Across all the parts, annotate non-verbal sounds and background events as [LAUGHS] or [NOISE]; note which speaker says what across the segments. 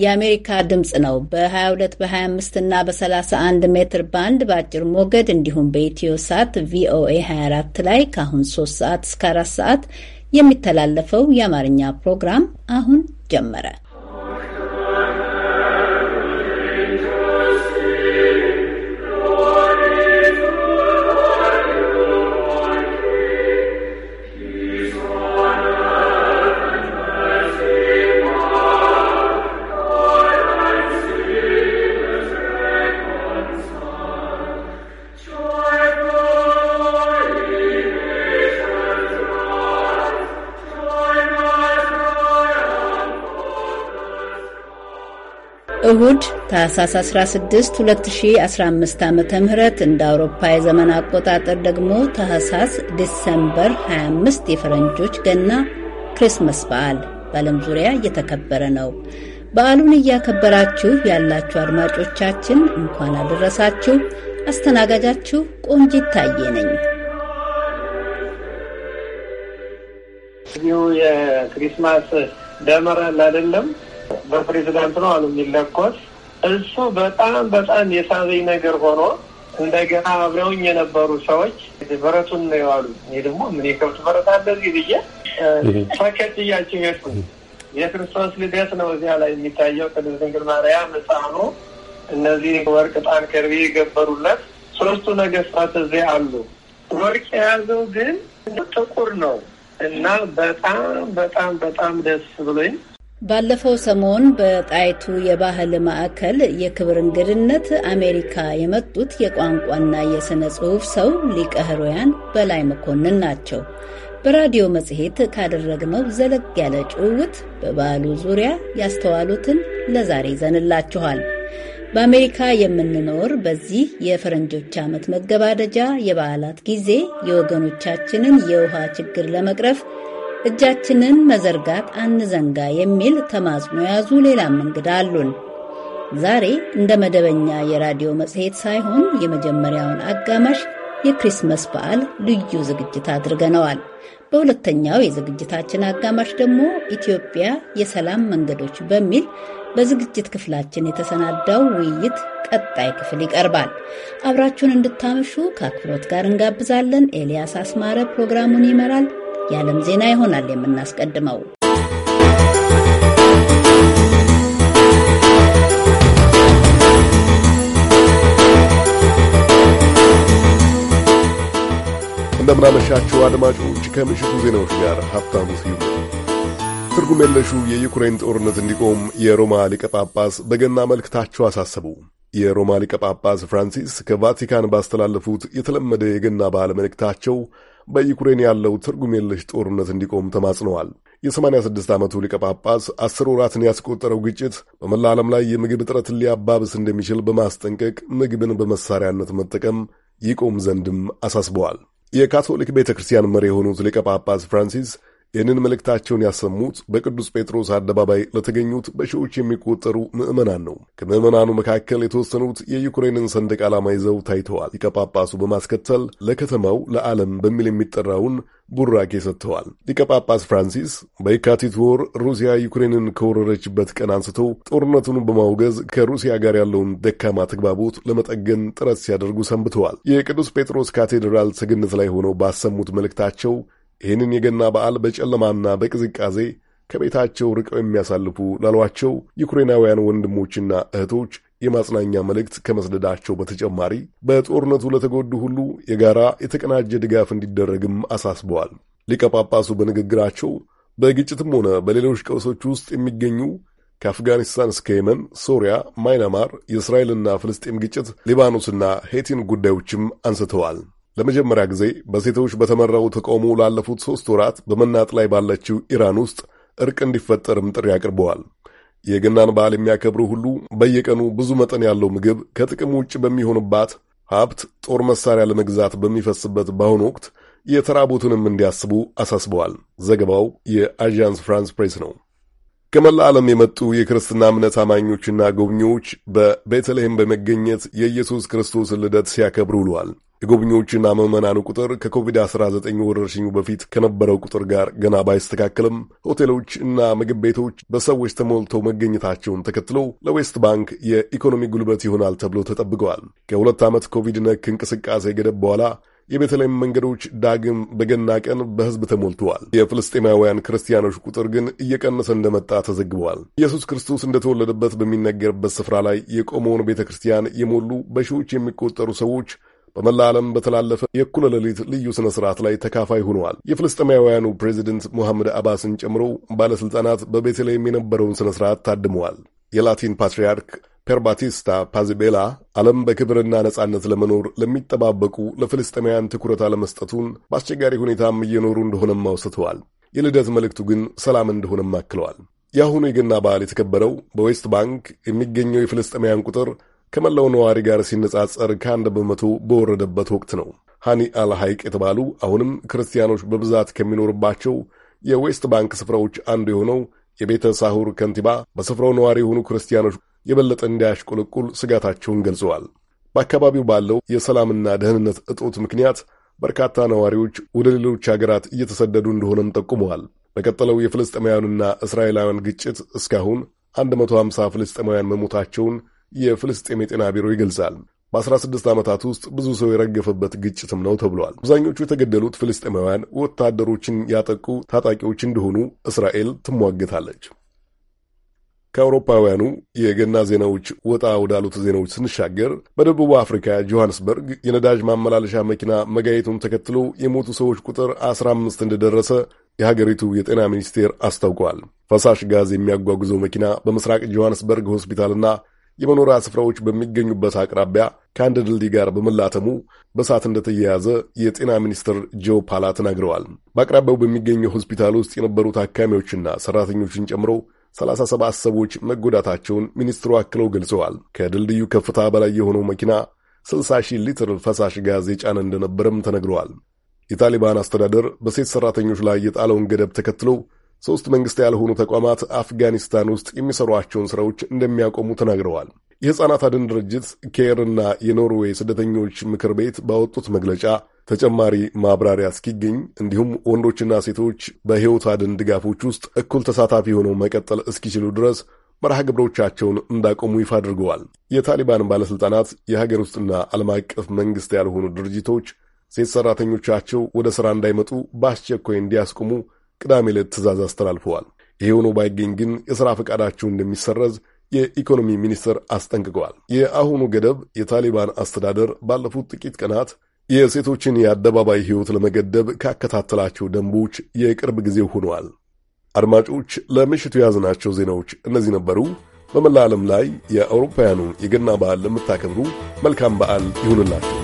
Speaker 1: የአሜሪካ ድምፅ ነው። በ22 በ25 እና በ31 ሜትር ባንድ በአጭር ሞገድ እንዲሁም በኢትዮ ሳት ቪኦኤ 24 ላይ ከአሁን 3 ሰዓት እስከ 4 ሰዓት የሚተላለፈው የአማርኛ ፕሮግራም አሁን ጀመረ። እሁድ ታህሳስ 16 2015 ዓ ም እንደ አውሮፓ የዘመን አቆጣጠር ደግሞ ታህሳስ ዲሰምበር 25 የፈረንጆች ገና ክሪስመስ በዓል በዓለም ዙሪያ እየተከበረ ነው። በዓሉን እያከበራችሁ ያላችሁ አድማጮቻችን እንኳን አደረሳችሁ። አስተናጋጃችሁ ቆንጂት ታዬ ነኝ።
Speaker 2: የክሪስማስ ደመራ አይደለም በፕሬዚዳንት ነው አሉ የሚለኮት እሱ በጣም በጣም የሳበኝ ነገር ሆኖ እንደገና አብረውኝ የነበሩ ሰዎች በረቱን ነው የዋሉ። ይህ ደግሞ ምን የከብት በረት አለ አለዚህ ብዬ ፈከት እያቸው ሄድኩ። የክርስቶስ ልደት ነው እዚያ ላይ የሚታየው። ቅድስት ድንግል ማርያም፣ ሕፃኑ፣ እነዚህ ወርቅ፣ ጣን ከርቤ የገበሩለት ሶስቱ ነገስታት እዚህ አሉ። ወርቅ የያዘው ግን ጥቁር ነው እና በጣም በጣም በጣም ደስ ብሎኝ
Speaker 1: ባለፈው ሰሞን በጣይቱ የባህል ማዕከል የክብር እንግድነት አሜሪካ የመጡት የቋንቋና የሥነ ጽሑፍ ሰው ሊቀህሮያን በላይ መኮንን ናቸው። በራዲዮ መጽሔት ካደረግነው ዘለግ ያለ ጭውውት በበዓሉ ዙሪያ ያስተዋሉትን ለዛሬ ይዘንላችኋል። በአሜሪካ የምንኖር በዚህ የፈረንጆች ዓመት መገባደጃ የበዓላት ጊዜ የወገኖቻችንን የውሃ ችግር ለመቅረፍ እጃችንን መዘርጋት አንዘንጋ የሚል ተማጽኖ የያዙ ሌላም እንግዳ አሉን። ዛሬ እንደ መደበኛ የራዲዮ መጽሔት ሳይሆን የመጀመሪያውን አጋማሽ የክሪስመስ በዓል ልዩ ዝግጅት አድርገነዋል። በሁለተኛው የዝግጅታችን አጋማሽ ደግሞ ኢትዮጵያ የሰላም መንገዶች በሚል በዝግጅት ክፍላችን የተሰናዳው ውይይት ቀጣይ ክፍል ይቀርባል። አብራችሁን እንድታመሹ ከአክብሮት ጋር እንጋብዛለን። ኤልያስ አስማረ ፕሮግራሙን ይመራል። የዓለም ዜና ይሆናል የምናስቀድመው።
Speaker 3: እንደምናመሻችሁ አድማጮች፣ ከምሽቱ ዜናዎች ጋር ሀብታሙ ስዩም። ትርጉም የለሹ የዩክሬን ጦርነት እንዲቆም የሮማ ሊቀ ጳጳስ በገና መልእክታቸው አሳሰቡ። የሮማ ሊቀ ጳጳስ ፍራንሲስ ከቫቲካን ባስተላለፉት የተለመደ የገና በዓል መልእክታቸው በዩክሬን ያለው ትርጉም የለሽ ጦርነት እንዲቆም ተማጽነዋል። የ86 ዓመቱ ሊቀ ጳጳስ አስር ወራትን ያስቆጠረው ግጭት በመላ ዓለም ላይ የምግብ እጥረትን ሊያባብስ እንደሚችል በማስጠንቀቅ ምግብን በመሳሪያነት መጠቀም ይቆም ዘንድም አሳስበዋል። የካቶሊክ ቤተ ክርስቲያን መሪ የሆኑት ሊቀ ጳጳስ ፍራንሲስ ይህንን መልእክታቸውን ያሰሙት በቅዱስ ጴጥሮስ አደባባይ ለተገኙት በሺዎች የሚቆጠሩ ምዕመናን ነው። ከምዕመናኑ መካከል የተወሰኑት የዩክሬንን ሰንደቅ ዓላማ ይዘው ታይተዋል። ሊቀጳጳሱ ጳጳሱ በማስከተል ለከተማው ለዓለም በሚል የሚጠራውን ቡራኬ ሰጥተዋል። ሊቀጳጳስ ጳጳስ ፍራንሲስ በየካቲት ወር ሩሲያ ዩክሬንን ከወረረችበት ቀን አንስቶ ጦርነቱን በማውገዝ ከሩሲያ ጋር ያለውን ደካማ ተግባቦት ለመጠገን ጥረት ሲያደርጉ ሰንብተዋል። የቅዱስ ጴጥሮስ ካቴድራል ሰገነት ላይ ሆነው ባሰሙት መልእክታቸው ይህንን የገና በዓል በጨለማና በቅዝቃዜ ከቤታቸው ርቀው የሚያሳልፉ ላሏቸው ዩክሬናውያን ወንድሞችና እህቶች የማጽናኛ መልእክት ከመስደዳቸው በተጨማሪ በጦርነቱ ለተጎዱ ሁሉ የጋራ የተቀናጀ ድጋፍ እንዲደረግም አሳስበዋል። ሊቀ ጳጳሱ በንግግራቸው በግጭትም ሆነ በሌሎች ቀውሶች ውስጥ የሚገኙ ከአፍጋኒስታን እስከ የመን፣ ሶሪያ፣ ማይናማር፣ የእስራኤልና ፍልስጤም ግጭት፣ ሊባኖስና ሄቲን ጉዳዮችም አንስተዋል። ለመጀመሪያ ጊዜ በሴቶች በተመራው ተቃውሞ ላለፉት ሦስት ወራት በመናጥ ላይ ባለችው ኢራን ውስጥ እርቅ እንዲፈጠርም ጥሪ አቅርበዋል። የገናን በዓል የሚያከብሩ ሁሉ በየቀኑ ብዙ መጠን ያለው ምግብ ከጥቅም ውጭ በሚሆንባት፣ ሀብት ጦር መሳሪያ ለመግዛት በሚፈስበት በአሁኑ ወቅት የተራቡትንም እንዲያስቡ አሳስበዋል። ዘገባው የአዣንስ ፍራንስ ፕሬስ ነው። ከመላ ዓለም የመጡ የክርስትና እምነት አማኞችና ጎብኚዎች በቤተልሔም በመገኘት የኢየሱስ ክርስቶስን ልደት ሲያከብሩ ውለዋል። የጎብኚዎችና ምዕመናኑ ቁጥር ከኮቪድ-19 ወረርሽኙ በፊት ከነበረው ቁጥር ጋር ገና ባይስተካከልም ሆቴሎች እና ምግብ ቤቶች በሰዎች ተሞልተው መገኘታቸውን ተከትለው ለዌስት ባንክ የኢኮኖሚ ጉልበት ይሆናል ተብሎ ተጠብቀዋል። ከሁለት ዓመት ኮቪድ ነክ እንቅስቃሴ ገደብ በኋላ የቤተልሔም መንገዶች ዳግም በገና ቀን በሕዝብ ተሞልተዋል። የፍልስጤማውያን ክርስቲያኖች ቁጥር ግን እየቀነሰ እንደመጣ ተዘግበዋል። ኢየሱስ ክርስቶስ እንደተወለደበት በሚነገርበት ስፍራ ላይ የቆመውን ቤተ ክርስቲያን የሞሉ በሺዎች የሚቆጠሩ ሰዎች በመላ ዓለም በተላለፈ የእኩለ ሌሊት ልዩ ሥነ ሥርዓት ላይ ተካፋይ ሆነዋል። የፍልስጤማውያኑ ፕሬዚደንት ሙሐመድ አባስን ጨምሮ ባለሥልጣናት በቤተልሔም የነበረውን ሥነ ሥርዓት ታድመዋል። የላቲን ፓትርያርክ ፔርባቲስታ ፓዚቤላ ዓለም በክብርና ነጻነት ለመኖር ለሚጠባበቁ ለፍልስጤማውያን ትኩረት አለመስጠቱን በአስቸጋሪ ሁኔታም እየኖሩ እንደሆነም አውስተዋል። የልደት መልእክቱ ግን ሰላም እንደሆነም አክለዋል። የአሁኑ የገና በዓል የተከበረው በዌስት ባንክ የሚገኘው የፍልስጤማውያን ቁጥር ከመላው ነዋሪ ጋር ሲነጻጸር ከአንድ በመቶ በወረደበት ወቅት ነው። ሃኒ አልሃይቅ ሐይቅ የተባሉ አሁንም ክርስቲያኖች በብዛት ከሚኖርባቸው የዌስት ባንክ ስፍራዎች አንዱ የሆነው የቤተ ሳሁር ከንቲባ በስፍራው ነዋሪ የሆኑ ክርስቲያኖች የበለጠ እንዳያሽቆለቁል ስጋታቸውን ገልጸዋል። በአካባቢው ባለው የሰላምና ደህንነት እጦት ምክንያት በርካታ ነዋሪዎች ወደ ሌሎች ሀገራት እየተሰደዱ እንደሆነም ጠቁመዋል። በቀጠለው የፍልስጤማውያንና እስራኤላውያን ግጭት እስካሁን 150 ፍልስጤማውያን መሞታቸውን የፍልስጤም የጤና ቢሮ ይገልጻል። በ16 ዓመታት ውስጥ ብዙ ሰው የረገፈበት ግጭትም ነው ተብሏል። አብዛኞቹ የተገደሉት ፍልስጤማውያን ወታደሮችን ያጠቁ ታጣቂዎች እንደሆኑ እስራኤል ትሟገታለች። ከአውሮፓውያኑ የገና ዜናዎች ወጣ ወዳሉት ዜናዎች ስንሻገር በደቡብ አፍሪካ ጆሐንስበርግ የነዳጅ ማመላለሻ መኪና መጋየቱን ተከትሎ የሞቱ ሰዎች ቁጥር 15 እንደደረሰ የሀገሪቱ የጤና ሚኒስቴር አስታውቋል። ፈሳሽ ጋዝ የሚያጓጉዘው መኪና በምስራቅ ጆሐንስበርግ ሆስፒታልና የመኖሪያ ስፍራዎች በሚገኙበት አቅራቢያ ከአንድ ድልድይ ጋር በመላተሙ በእሳት እንደተያያዘ የጤና ሚኒስትር ጆ ፓላ ተናግረዋል። በአቅራቢያው በሚገኘው ሆስፒታል ውስጥ የነበሩ ታካሚዎችና ሰራተኞችን ጨምሮ 37 ሰዎች መጎዳታቸውን ሚኒስትሩ አክለው ገልጸዋል። ከድልድዩ ከፍታ በላይ የሆነው መኪና 60 ሺህ ሊትር ፈሳሽ ጋዝ የጫነ እንደነበረም ተነግረዋል። የታሊባን አስተዳደር በሴት ሰራተኞች ላይ የጣለውን ገደብ ተከትለው ሶስት መንግስት ያልሆኑ ተቋማት አፍጋኒስታን ውስጥ የሚሰሯቸውን ሥራዎች እንደሚያቆሙ ተናግረዋል። የሕፃናት አድን ድርጅት ኬርና የኖርዌይ ስደተኞች ምክር ቤት ባወጡት መግለጫ ተጨማሪ ማብራሪያ እስኪገኝ እንዲሁም ወንዶችና ሴቶች በሕይወት አድን ድጋፎች ውስጥ እኩል ተሳታፊ ሆነው መቀጠል እስኪችሉ ድረስ መርሃ ግብሮቻቸውን እንዳቆሙ ይፋ አድርገዋል። የታሊባን ባለሥልጣናት የሀገር ውስጥና ዓለም አቀፍ መንግሥት ያልሆኑ ድርጅቶች ሴት ሠራተኞቻቸው ወደ ሥራ እንዳይመጡ በአስቸኳይ እንዲያስቆሙ ቅዳሜ ዕለት ትዕዛዝ አስተላልፈዋል። ይህ ሆኖ ባይገኝ ግን የሥራ ፈቃዳቸው እንደሚሰረዝ የኢኮኖሚ ሚኒስትር አስጠንቅቀዋል። የአሁኑ ገደብ የታሊባን አስተዳደር ባለፉት ጥቂት ቀናት የሴቶችን የአደባባይ ሕይወት ለመገደብ ካከታተላቸው ደንቦች የቅርብ ጊዜው ሆነዋል። አድማጮች ለምሽቱ የያዝናቸው ዜናዎች እነዚህ ነበሩ። በመላ ዓለም ላይ የአውሮፓውያኑ የገና በዓል ለምታከብሩ መልካም በዓል ይሁንላቸው።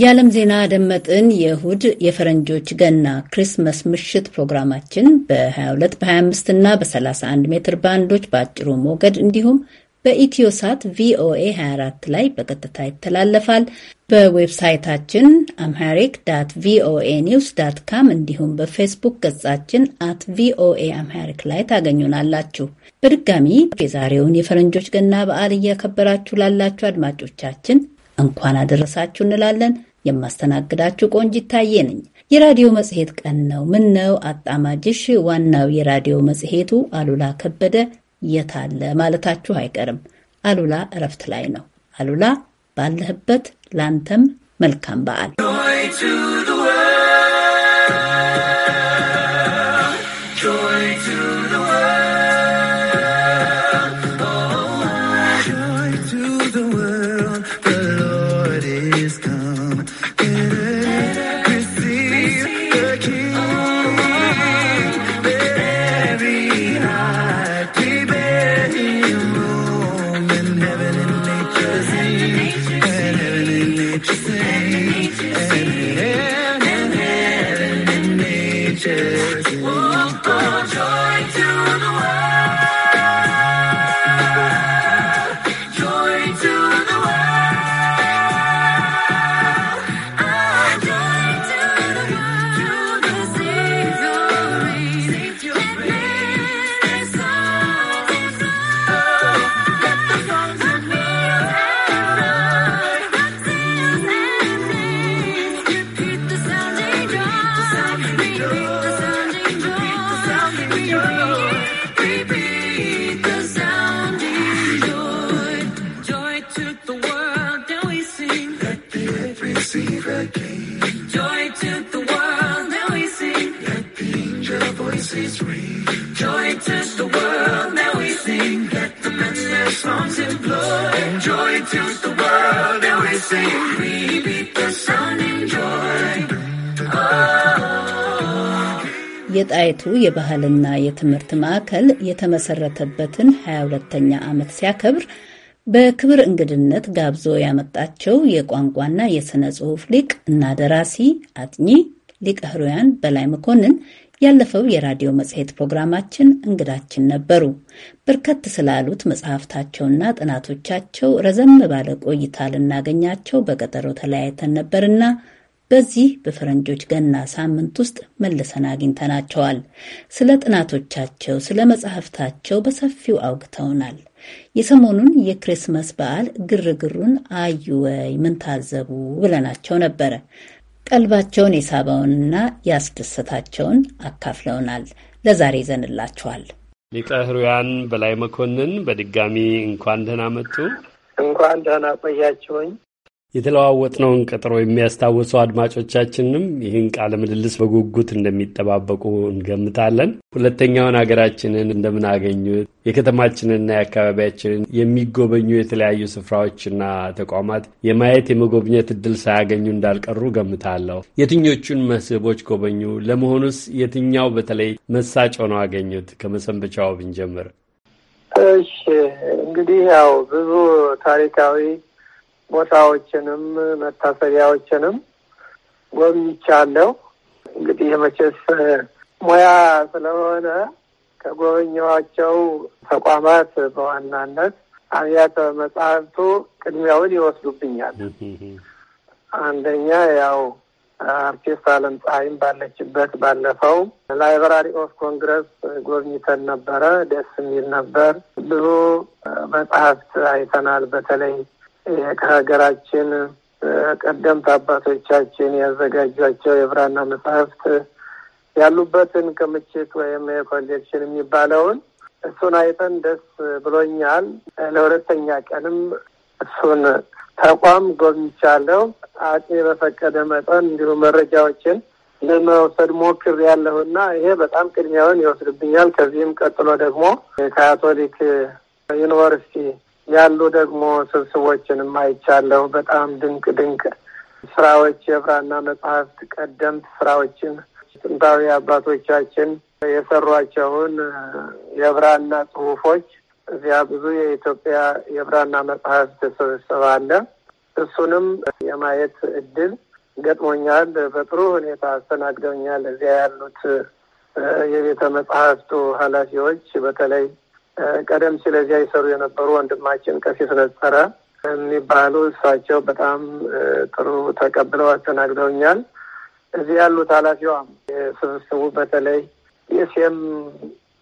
Speaker 1: የዓለም ዜና ደመጥን የእሁድ የፈረንጆች ገና ክሪስመስ ምሽት ፕሮግራማችን በ22 በ25 እና በ31 ሜትር ባንዶች በአጭሩ ሞገድ እንዲሁም ሳት ቪኦኤ 24 ላይ በቀጥታ ይተላለፋል። በዌብሳይታችን አምሃሪክ ዳት ቪኦኤ ኒውስ ዳት ካም እንዲሁም በፌስቡክ ገጻችን አት ቪኦኤ አምሃሪክ ላይ ታገኙናላችሁ። በድጋሚ የዛሬውን የፈረንጆች ገና በዓል እያከበራችሁ ላላችሁ አድማጮቻችን እንኳን አደረሳችሁ እንላለን። የማስተናግዳችሁ ቆንጅ ይታየ ነኝ። የራዲዮ መጽሔት ቀን ነው። ምን ነው አጣማጅሽ? ዋናው የራዲዮ መጽሔቱ አሉላ ከበደ የታለ ማለታችሁ አይቀርም። አሉላ እረፍት ላይ ነው። አሉላ ባለህበት፣ ላንተም መልካም በዓል። የሀገሪቱ የባህልና የትምህርት ማዕከል የተመሰረተበትን 22ኛ ዓመት ሲያከብር በክብር እንግድነት ጋብዞ ያመጣቸው የቋንቋና የሥነ ጽሑፍ ሊቅ እና ደራሲ አጥኚ ሊቀ ሕሩያን በላይ መኮንን ያለፈው የራዲዮ መጽሔት ፕሮግራማችን እንግዳችን ነበሩ። በርከት ስላሉት መጽሐፍታቸውና ጥናቶቻቸው ረዘም ባለ ቆይታ ልናገኛቸው በቀጠሮ ተለያይተን ነበርና በዚህ በፈረንጆች ገና ሳምንት ውስጥ መልሰን አግኝተናቸዋል። ስለ ጥናቶቻቸው፣ ስለ መጽሐፍታቸው በሰፊው አውግተውናል። የሰሞኑን የክሪስመስ በዓል ግርግሩን አዩ ወይ ምን ታዘቡ ብለናቸው ነበረ። ቀልባቸውን የሳበውንና ያስደሰታቸውን አካፍለውናል። ለዛሬ ይዘንላችኋል።
Speaker 2: ሊቀ
Speaker 4: ሕሩያን በላይ መኮንን በድጋሚ እንኳን ደህና መጡ።
Speaker 2: እንኳን ደህና ቆያቸውኝ።
Speaker 4: የተለዋወጥነውን ቀጠሮ የሚያስታውሱ አድማጮቻችንም ይህን ቃለ ምልልስ በጉጉት እንደሚጠባበቁ እንገምታለን። ሁለተኛውን ሀገራችንን እንደምናገኙት አገኙት? የከተማችንና የአካባቢያችንን የሚጎበኙ የተለያዩ ስፍራዎችና ተቋማት የማየት የመጎብኘት እድል ሳያገኙ እንዳልቀሩ ገምታለሁ። የትኞቹን መስህቦች ጎበኙ? ለመሆኑስ የትኛው በተለይ መሳጭ ሆነው አገኙት? ከመሰንበቻው ብንጀምር።
Speaker 2: እሺ እንግዲህ ያው ብዙ ታሪካዊ ቦታዎችንም መታሰቢያዎችንም ጎብኝቻለሁ። እንግዲህ መቼስ ሙያ ስለሆነ ከጎበኘኋቸው ተቋማት በዋናነት አብያተ መጽሐፍቱ ቅድሚያውን ይወስዱብኛል። አንደኛ ያው አርቲስት አለም ፀሐይም ባለችበት ባለፈው ላይብራሪ ኦፍ ኮንግረስ ጎብኝተን ነበረ። ደስ የሚል ነበር። ብዙ መጽሐፍት አይተናል። በተለይ ከሀገራችን ቀደምት አባቶቻችን ያዘጋጇቸው የብራና መጽሐፍት ያሉበትን ክምችት ወይም ኮሌክሽን የሚባለውን እሱን አይተን ደስ ብሎኛል። ለሁለተኛ ቀንም እሱን ተቋም ጎብኝቻለሁ። አቅሜ በፈቀደ መጠን እንዲሁ መረጃዎችን ለመውሰድ ሞክር ያለሁና ይሄ በጣም ቅድሚያውን ይወስድብኛል። ከዚህም ቀጥሎ ደግሞ የካቶሊክ ዩኒቨርሲቲ ያሉ ደግሞ ስብስቦችንም አይቻለሁ። በጣም ድንቅ ድንቅ ስራዎች የብራና መጽሐፍት ቀደምት ስራዎችን ጥንታዊ አባቶቻችን የሰሯቸውን የብራና ጽሁፎች እዚያ ብዙ የኢትዮጵያ የብራና መጽሐፍት ስብስብ አለ። እሱንም የማየት እድል ገጥሞኛል። በጥሩ ሁኔታ አስተናግደውኛል። እዚያ ያሉት የቤተ መጽሐፍቱ ኃላፊዎች በተለይ ቀደም ሲል እዚያ ይሰሩ የነበሩ ወንድማችን ቀሲስ ነጸረ የሚባሉ እሳቸው በጣም ጥሩ ተቀብለው አስተናግደውኛል። እዚህ ያሉት ኃላፊዋም የስብስቡ በተለይ የሴም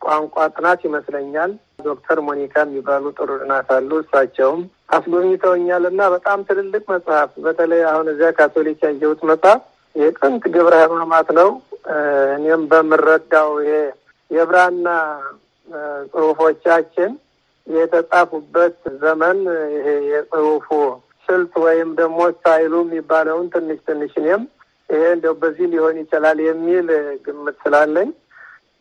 Speaker 2: ቋንቋ ጥናት ይመስለኛል ዶክተር ሞኒካ የሚባሉ ጥሩ ጥናት አሉ። እሳቸውም አስጎብኝተውኛል እና በጣም ትልልቅ መጽሐፍ በተለይ አሁን እዚያ ካቶሊክ ያየሁት መጽሐፍ የጥንት ግብረ ሕማማት ነው። እኔም በምረዳው ይሄ የብራና ጽሁፎቻችን የተጻፉበት ዘመን ይሄ የጽሁፉ ስልት ወይም ደግሞ ስታይሉ የሚባለውን ትንሽ ትንሽ እኔም ይሄ እንደው በዚህ ሊሆን ይችላል የሚል ግምት ስላለኝ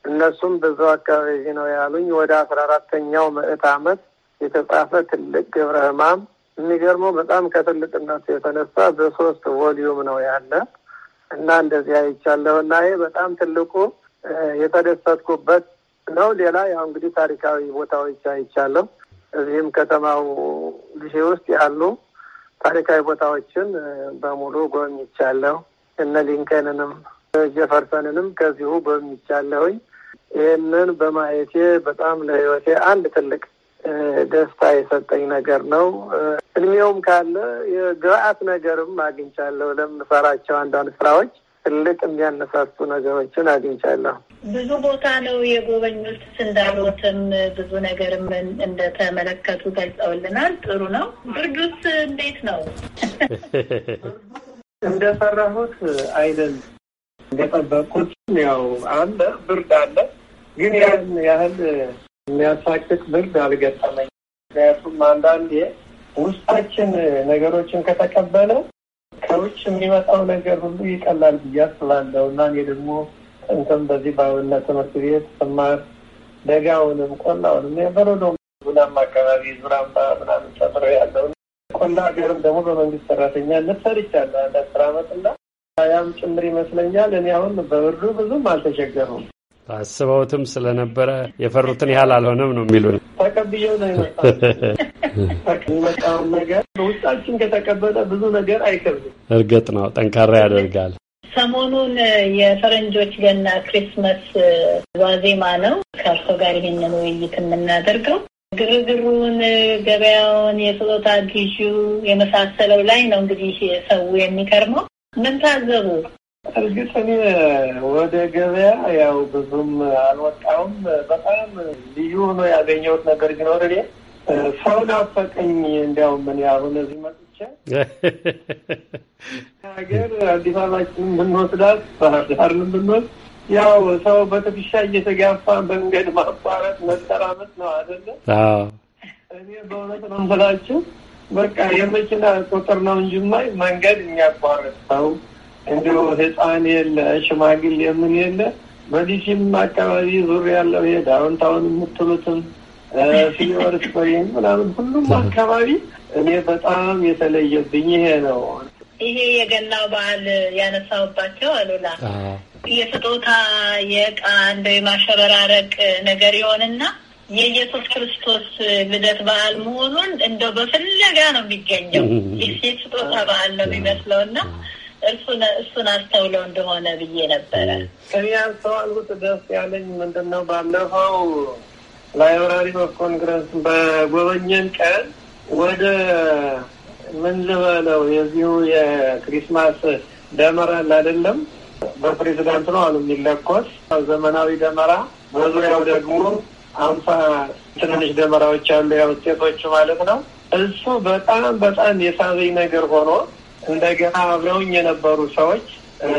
Speaker 2: እነሱም በዛው አካባቢ ነው ያሉኝ። ወደ አስራ አራተኛው ምዕት ዓመት የተጻፈ ትልቅ ግብረ ሕማም የሚገርመው በጣም ከትልቅነቱ የተነሳ በሶስት ቮሊዩም ነው ያለ እና እንደዚህ አይቻለሁ እና ይሄ በጣም ትልቁ የተደሰትኩበት ነው። ሌላ ያው እንግዲህ ታሪካዊ ቦታዎች አይቻለሁ። እዚህም ከተማው ጊዜ ውስጥ ያሉ ታሪካዊ ቦታዎችን በሙሉ ጎብኝቻለሁ። እነ ሊንከንንም ጀፈርሰንንም ከዚሁ ጎብኝቻለሁኝ። ይህንን በማየቴ በጣም ለህይወቴ አንድ ትልቅ ደስታ የሰጠኝ ነገር ነው። እድሜውም ካለ የግብአት ነገርም አግኝቻለሁ ለምሰራቸው አንዳንድ ስራዎች ትልቅ የሚያነሳሱ ነገሮችን አግኝቻለሁ።
Speaker 1: ብዙ ቦታ ነው የጎበኙት። እንዳሉትም ብዙ ነገርም እንደተመለከቱ ገልጸውልናል። ጥሩ ነው። ብርዱስ እንዴት ነው?
Speaker 5: [LAUGHS]
Speaker 2: እንደፈራሁት አይደል እንደጠበቁት ያው አለ ብርድ አለ፣ ግን ያን ያህል የሚያሳቅቅ ብርድ አልገጠመኝ። ምክንያቱም አንዳንዴ ውስጣችን ነገሮችን ከተቀበለ ከውጭ የሚመጣው ነገር ሁሉ ይቀላል ብዬ አስባለሁ እና እኔ ደግሞ ጥንትም በዚህ በአብነት ትምህርት ቤት ስማር ደጋውንም ቆላውንም የበረዶ ጉናማ አካባቢ ዙራምባ ምናምን ጨምረው ያለው ቆላ ሀገርም ደግሞ በመንግስት ሰራተኛ ሰርቻለሁ አንድ አስር አመት እና ያም ጭምር ይመስለኛል እኔ አሁን በብርዱ ብዙም አልተቸገሩም።
Speaker 4: አስበውትም ስለነበረ የፈሩትን ያህል አልሆነም ነው የሚሉን።
Speaker 2: ተቀብዬው ነው
Speaker 4: የመጣው
Speaker 2: ነገር በውስጣችን ከተቀበለ ብዙ ነገር አይከብድም።
Speaker 4: እርግጥ ነው ጠንካራ ያደርጋል።
Speaker 2: ሰሞኑን
Speaker 1: የፈረንጆች ገና ክሪስመስ ዋዜማ ነው ከእርሶ ጋር ይሄንን ውይይት የምናደርገው ግርግሩን፣ ገበያውን፣ የስጦታ ግዢው የመሳሰለው ላይ ነው እንግዲህ ሰው የሚከርመው። ምን ታዘቡ? እርግጥ
Speaker 2: እኔ ወደ ገበያ ያው ብዙም አልወጣውም። በጣም ልዩ ሆኖ ያገኘሁት ነገር ቢኖር እኔ ሰው ናፈቀኝ። እንዲያውም ምን አሁን እዚህ መጥቼ [LAUGHS] ሀገር አዲስ አበባችን ብንወስዳት ባህርዳርን ዳርን ብንወስድ ያው ሰው በትከሻ እየተጋፋ መንገድ ማቋረጥ መጠራመጥ ነው አደለ?
Speaker 6: እኔ በእውነት ነው
Speaker 2: የምላችሁ በቃ የመኪና ቁጥር ነው እንጂ ማይ መንገድ የሚያቋርጥ ሰው እንዲሁ ህፃን የለ ሽማግሌ የምን የለ በዲሲም አካባቢ ዙር ያለው ዳውንታውን የምትሉትም ፊወርስ ወይም ምናምን ሁሉም አካባቢ እኔ በጣም የተለየብኝ ይሄ ነው።
Speaker 1: ይሄ የገናው በዓል ያነሳውባቸው አሉላ የስጦታ የዕቃ እንደ የማሸበራረቅ ነገር የሆንና የኢየሱስ ክርስቶስ ልደት በዓል መሆኑን እንደው በፍለጋ ነው የሚገኘው። የሴት ስጦታ በዓል ነው የሚመስለው እና እርሱን እሱን አስተውለው እንደሆነ
Speaker 2: ብዬ ነበረ። እኔ ያስተዋልኩት ደስ ያለኝ ምንድን ነው ባለፈው ላይብራሪ ኦፍ ኮንግረስ በጎበኘን ቀን ወደ ምን ልበለው የዚሁ የክሪስማስ ደመራ አይደለም በፕሬዚዳንት ነው አሉ የሚለኮስ ዘመናዊ ደመራ፣ በዙሪያው ደግሞ አምሳ ትንንሽ ደመራዎች አሉ፣ ያው ውጤቶቹ ማለት ነው። እሱ በጣም በጣም የሳበኝ ነገር ሆኖ እንደገና አብረውኝ የነበሩ ሰዎች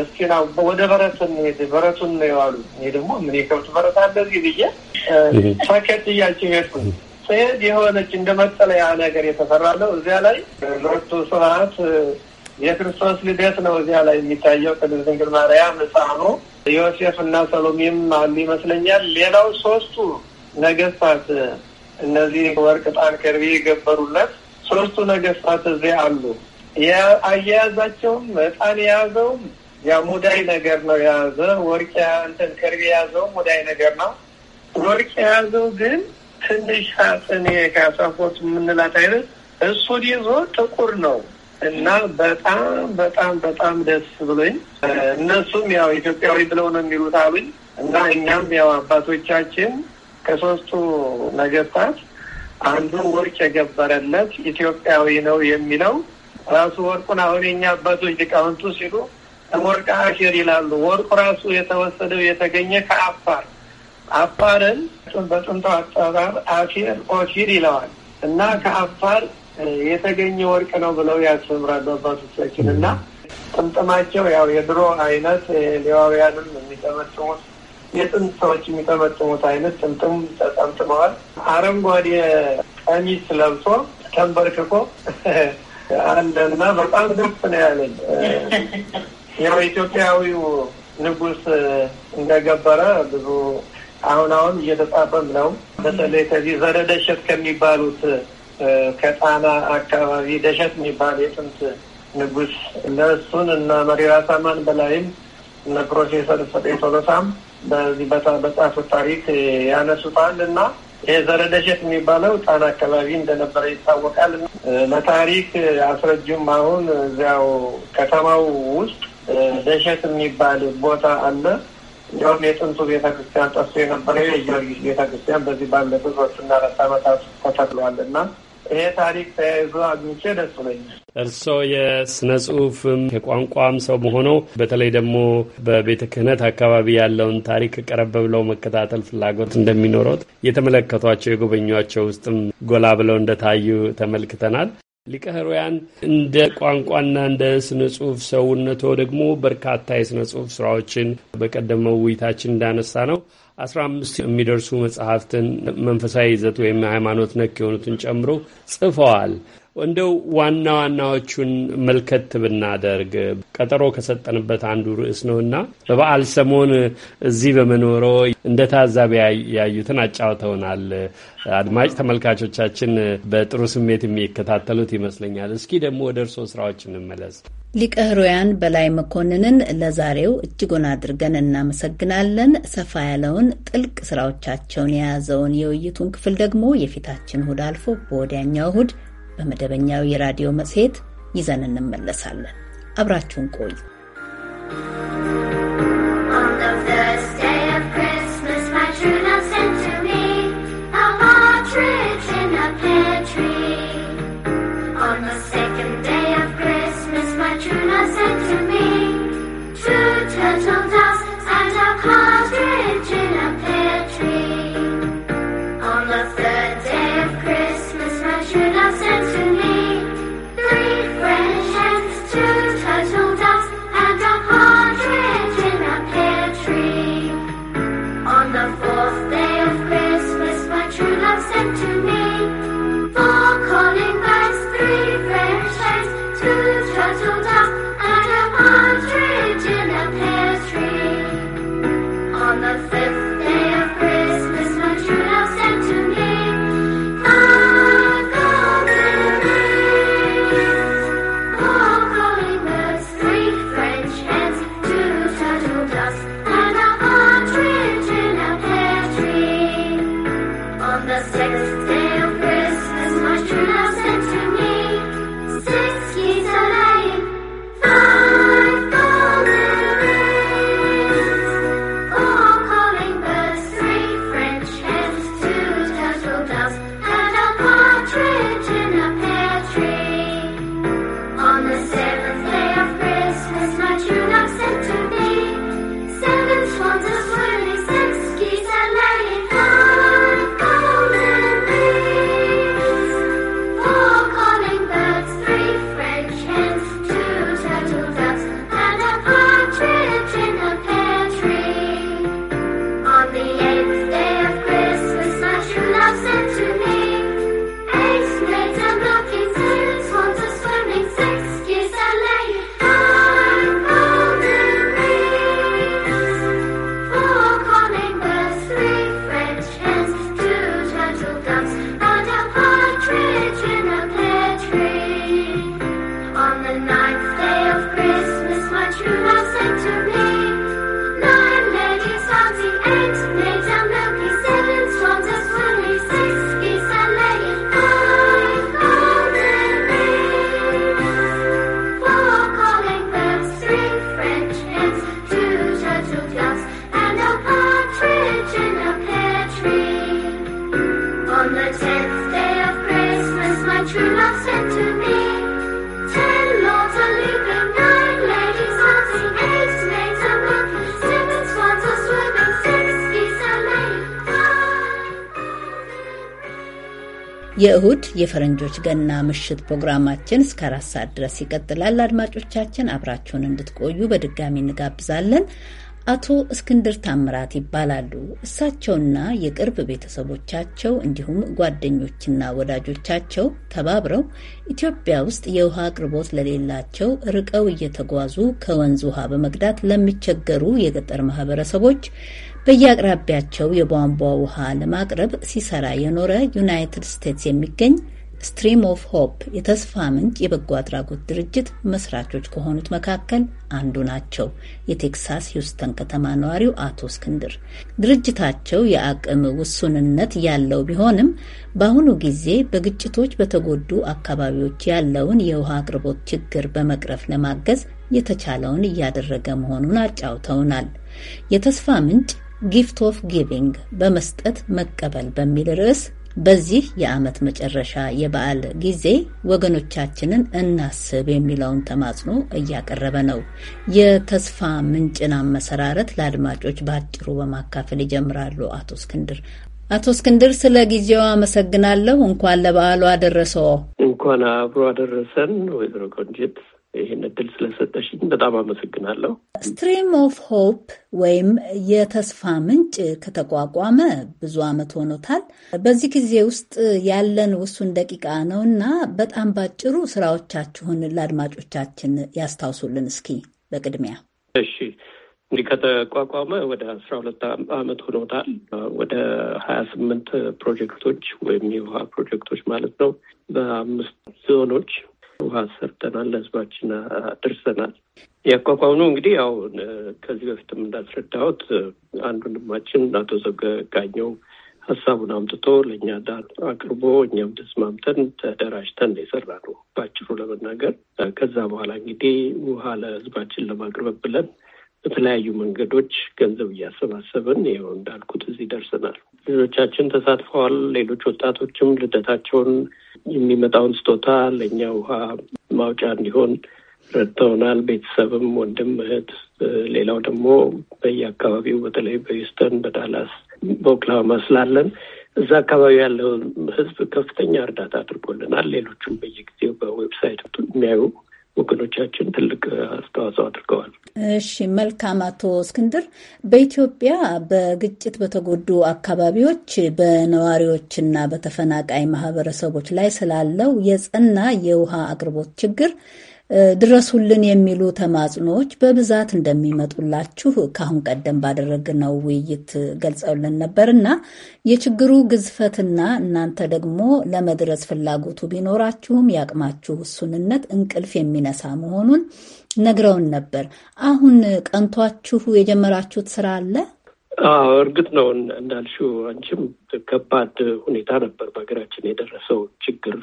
Speaker 2: እስኪና ወደ በረቱን ሄድ በረቱን ነው የዋሉ። እኔ ደግሞ ምን የከብት በረት እንደዚህ ብዬ ፈከት እያቸው ሄድኩኝ። ስሄድ የሆነች እንደ መጠለያ ነገር የተሰራለው እዚያ ላይ ብርቱ ስርዓት የክርስቶስ ልደት ነው። እዚያ ላይ የሚታየው ቅድስት ድንግል ማርያም፣ ሕፃኑ ዮሴፍ እና ሰሎሜም አሉ ይመስለኛል። ሌላው ሶስቱ ነገስታት እነዚህ ወርቅ፣ ዕጣን፣ ከርቤ የገበሩለት ሶስቱ ነገስታት እዚያ አሉ። የአያያዛቸውም እጣን የያዘውም ያ ሙዳይ ነገር ነው የያዘ ወርቅ እንትን ከርቤ የያዘውም ሙዳይ ነገር ነው። ወርቅ የያዘው ግን ትንሽ ሳጥን ከአሳፎት የምንላት አይነት እሱን ይዞ ጥቁር ነው እና በጣም በጣም በጣም ደስ ብሎኝ እነሱም ያው ኢትዮጵያዊ ብለው ነው የሚሉት አሉኝ እና እኛም ያው አባቶቻችን ከሶስቱ ነገስታት አንዱ ወርቅ የገበረለት ኢትዮጵያዊ ነው የሚለው ራሱ ወርቁን አሁን የኛ አባቶች ሊቃውንቱ ሲሉ ወርቅ አሽር ይላሉ። ወርቁ ራሱ የተወሰደው የተገኘ ከአፋር አፋርን በጥንቱ አጠራር አሽር ኦሽር ይለዋል እና ከአፋር የተገኘ ወርቅ ነው ብለው ያስተምራሉ አባቶቻችን እና ጥምጥማቸው ያው የድሮ አይነት ሌዋውያንም የሚጠመጥሙት የጥንት ሰዎች የሚጠመጥሙት አይነት ጥምጥም ተጠምጥመዋል። አረንጓዴ ቀሚስ ለብሶ ተንበርክኮ [LAUGHS] አለና በጣም ደስ ነው ያለኝ። ያው ኢትዮጵያዊው ንጉስ እንደገበረ ብዙ አሁን አሁን እየተጻፈም ነው። በተለይ ከዚህ ዘረደሸት ከሚባሉት ከጣና አካባቢ ደሸት የሚባል የጥንት ንጉስ ለእሱን እና መሪራ ሳማን በላይም እነ ፕሮፌሰር ሰጤ ቶሎሳም በዚህ በጻፉት ታሪክ ያነሱታል እና የዘረደሸት የሚባለው ጣና አካባቢ እንደነበረ ይታወቃል። ለታሪክ አስረጅም አሁን እዚያው ከተማው ውስጥ ደሸት የሚባል ቦታ አለ። እንዲሁም የጥንቱ ቤተክርስቲያን ጠፍቶ የነበረ የጊዮርጊስ ቤተክርስቲያን በዚህ ባለፉት ሶስት ሶስትና አራት ዓመታት ተተክሏል እና ይሄ ታሪክ ተያይዞ አግኝቼ ደስ ብሎኛል።
Speaker 4: እርስዎ የስነ ጽሁፍም የቋንቋም ሰው መሆነው በተለይ ደግሞ በቤተ ክህነት አካባቢ ያለውን ታሪክ ቀረብ ብለው መከታተል ፍላጎት እንደሚኖረት የተመለከቷቸው የጎበኟቸው ውስጥም ጎላ ብለው እንደታዩ ተመልክተናል። ሊቀ ሕሩያን እንደ ቋንቋና እንደ ስነ ጽሁፍ ሰውነቶ ደግሞ በርካታ የስነ ጽሁፍ ስራዎችን በቀደመው ውይይታችን እንዳነሳ ነው አስራ አምስት የሚደርሱ መጽሐፍትን መንፈሳዊ ይዘት ወይም ሃይማኖት ነክ የሆኑትን ጨምሮ ጽፈዋል። እንደው ዋና ዋናዎቹን መልከት ብናደርግ ቀጠሮ ከሰጠንበት አንዱ ርዕስ ነው እና በበዓል ሰሞን እዚህ በመኖሮ እንደ ታዛቢ ያዩትን አጫውተውናል። አድማጭ ተመልካቾቻችን በጥሩ ስሜት የሚከታተሉት ይመስለኛል። እስኪ ደግሞ ወደ እርስዎ ስራዎች እንመለስ።
Speaker 1: ሊቀህሮያን በላይ መኮንንን ለዛሬው እጅጉን አድርገን እናመሰግናለን። ሰፋ ያለውን ጥልቅ ስራዎቻቸውን የያዘውን የውይይቱን ክፍል ደግሞ የፊታችን እሁድ አልፎ በወዲያኛው እሁድ በመደበኛው የራዲዮ መጽሔት ይዘን እንመለሳለን። አብራችሁን ቆዩ።
Speaker 5: t o me. t r u l e doves and a p a t i d e
Speaker 1: እሁድ የፈረንጆች ገና ምሽት ፕሮግራማችን እስከ አራት ሰዓት ድረስ ይቀጥላል። አድማጮቻችን አብራችሁን እንድትቆዩ በድጋሚ እንጋብዛለን። አቶ እስክንድር ታምራት ይባላሉ። እሳቸውና የቅርብ ቤተሰቦቻቸው እንዲሁም ጓደኞችና ወዳጆቻቸው ተባብረው ኢትዮጵያ ውስጥ የውሃ አቅርቦት ለሌላቸው ርቀው እየተጓዙ ከወንዝ ውሃ በመቅዳት ለሚቸገሩ የገጠር ማህበረሰቦች በየአቅራቢያቸው የቧንቧ ውሃ ለማቅረብ ሲሰራ የኖረ ዩናይትድ ስቴትስ የሚገኝ ስትሪም ኦፍ ሆፕ የተስፋ ምንጭ የበጎ አድራጎት ድርጅት መስራቾች ከሆኑት መካከል አንዱ ናቸው። የቴክሳስ ሂውስተን ከተማ ነዋሪው አቶ እስክንድር ድርጅታቸው የአቅም ውሱንነት ያለው ቢሆንም በአሁኑ ጊዜ በግጭቶች በተጎዱ አካባቢዎች ያለውን የውሃ አቅርቦት ችግር በመቅረፍ ለማገዝ የተቻለውን እያደረገ መሆኑን አጫውተውናል። የተስፋ ምንጭ ጊፍት ኦፍ ጊቪንግ በመስጠት መቀበል በሚል ርዕስ በዚህ የዓመት መጨረሻ የበዓል ጊዜ ወገኖቻችንን እናስብ የሚለውን ተማጽኖ እያቀረበ ነው። የተስፋ ምንጭን አመሰራረት ለአድማጮች በአጭሩ በማካፈል ይጀምራሉ አቶ እስክንድር። አቶ እስክንድር ስለ ጊዜው አመሰግናለሁ። እንኳን ለበዓሉ አደረሰዎ።
Speaker 6: እንኳን አብሮ አደረሰን ወይዘሮ ቆንጅት ይህን እድል ስለሰጠሽኝ በጣም አመሰግናለሁ።
Speaker 1: ስትሪም ኦፍ ሆፕ ወይም የተስፋ ምንጭ ከተቋቋመ ብዙ ዓመት ሆኖታል። በዚህ ጊዜ ውስጥ ያለን ውሱን ደቂቃ ነው እና በጣም ባጭሩ ስራዎቻችሁን ለአድማጮቻችን ያስታውሱልን እስኪ በቅድሚያ።
Speaker 6: እሺ እንግዲህ ከተቋቋመ ወደ አስራ ሁለት ዓመት ሆኖታል። ወደ ሀያ ስምንት ፕሮጀክቶች ወይም የውሃ ፕሮጀክቶች ማለት ነው በአምስት ዞኖች ውሃ ሰርተናል፣ ለህዝባችን አድርሰናል። ያቋቋም ነው እንግዲህ ያው ከዚህ በፊትም እንዳስረዳሁት አንድ ወንድማችን አቶ ጋኘው ሀሳቡን አምጥቶ ለእኛ ዳር አቅርቦ እኛም ተስማምተን ተደራጅተን ነው ነው። ባጭሩ ለመናገር። ከዛ በኋላ እንግዲህ ውሃ ለህዝባችን ለማቅረብ ብለን በተለያዩ መንገዶች ገንዘብ እያሰባሰብን ይኸው እንዳልኩት እዚህ ደርሰናል። ልጆቻችን ተሳትፈዋል። ሌሎች ወጣቶችም ልደታቸውን የሚመጣውን ስጦታ ለእኛ ውሃ ማውጫ እንዲሆን ረድተውናል። ቤተሰብም ወንድም፣ እህት፣ ሌላው ደግሞ በየአካባቢው በተለይ በዩስተን፣ በዳላስ፣ በኦክላሆማ ስላለን እዛ አካባቢ ያለውን ሕዝብ ከፍተኛ እርዳታ አድርጎልናል። ሌሎቹም በየጊዜው በዌብሳይት የሚያዩ ወገኖቻችን ትልቅ አስተዋጽኦ አድርገዋል።
Speaker 1: እሺ፣ መልካም አቶ እስክንድር፣ በኢትዮጵያ በግጭት በተጎዱ አካባቢዎች በነዋሪዎችና በተፈናቃይ ማህበረሰቦች ላይ ስላለው የጸና የውሃ አቅርቦት ችግር ድረሱልን የሚሉ ተማጽኖዎች በብዛት እንደሚመጡላችሁ ከአሁን ቀደም ባደረግነው ውይይት ገልጸውልን ነበር እና የችግሩ ግዝፈትና እናንተ ደግሞ ለመድረስ ፍላጎቱ ቢኖራችሁም የአቅማችሁ ውሱንነት እንቅልፍ የሚነሳ መሆኑን ነግረውን ነበር። አሁን ቀንቷችሁ የጀመራችሁት ስራ አለ?
Speaker 6: አዎ፣ እርግጥ ነው እንዳልሽው አንቺም ከባድ ሁኔታ ነበር በሀገራችን የደረሰው ችግር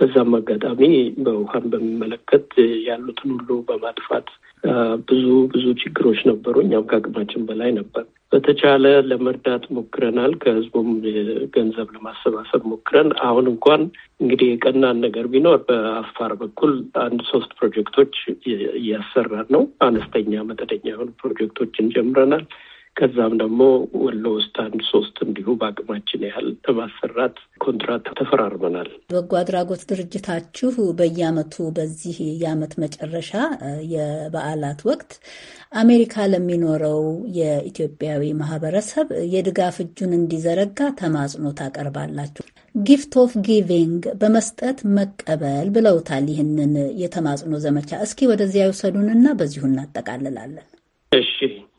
Speaker 6: በዛም አጋጣሚ በውሃን በሚመለከት ያሉትን ሁሉ በማጥፋት ብዙ ብዙ ችግሮች ነበሩ። እኛም ከአቅማችን በላይ ነበር። በተቻለ ለመርዳት ሞክረናል። ከህዝቡም ገንዘብ ለማሰባሰብ ሞክረን አሁን እንኳን እንግዲህ የቀናን ነገር ቢኖር በአፋር በኩል አንድ ሶስት ፕሮጀክቶች እያሰራን ነው። አነስተኛ መጠነኛ የሆኑ ፕሮጀክቶችን ጀምረናል። ከዛም ደግሞ ወሎ ውስጥ አንድ ሶስት እንዲሁ በአቅማችን ያህል ለማሰራት ኮንትራት ተፈራርመናል።
Speaker 1: በጎ አድራጎት ድርጅታችሁ በየአመቱ በዚህ የአመት መጨረሻ የበዓላት ወቅት አሜሪካ ለሚኖረው የኢትዮጵያዊ ማህበረሰብ የድጋፍ እጁን እንዲዘረጋ ተማጽኖ ታቀርባላችሁ። ጊፍት ኦፍ ጊቪንግ በመስጠት መቀበል ብለውታል። ይህንን የተማጽኖ ዘመቻ እስኪ ወደዚያ ይውሰዱንና በዚሁ እናጠቃልላለን።
Speaker 5: እሺ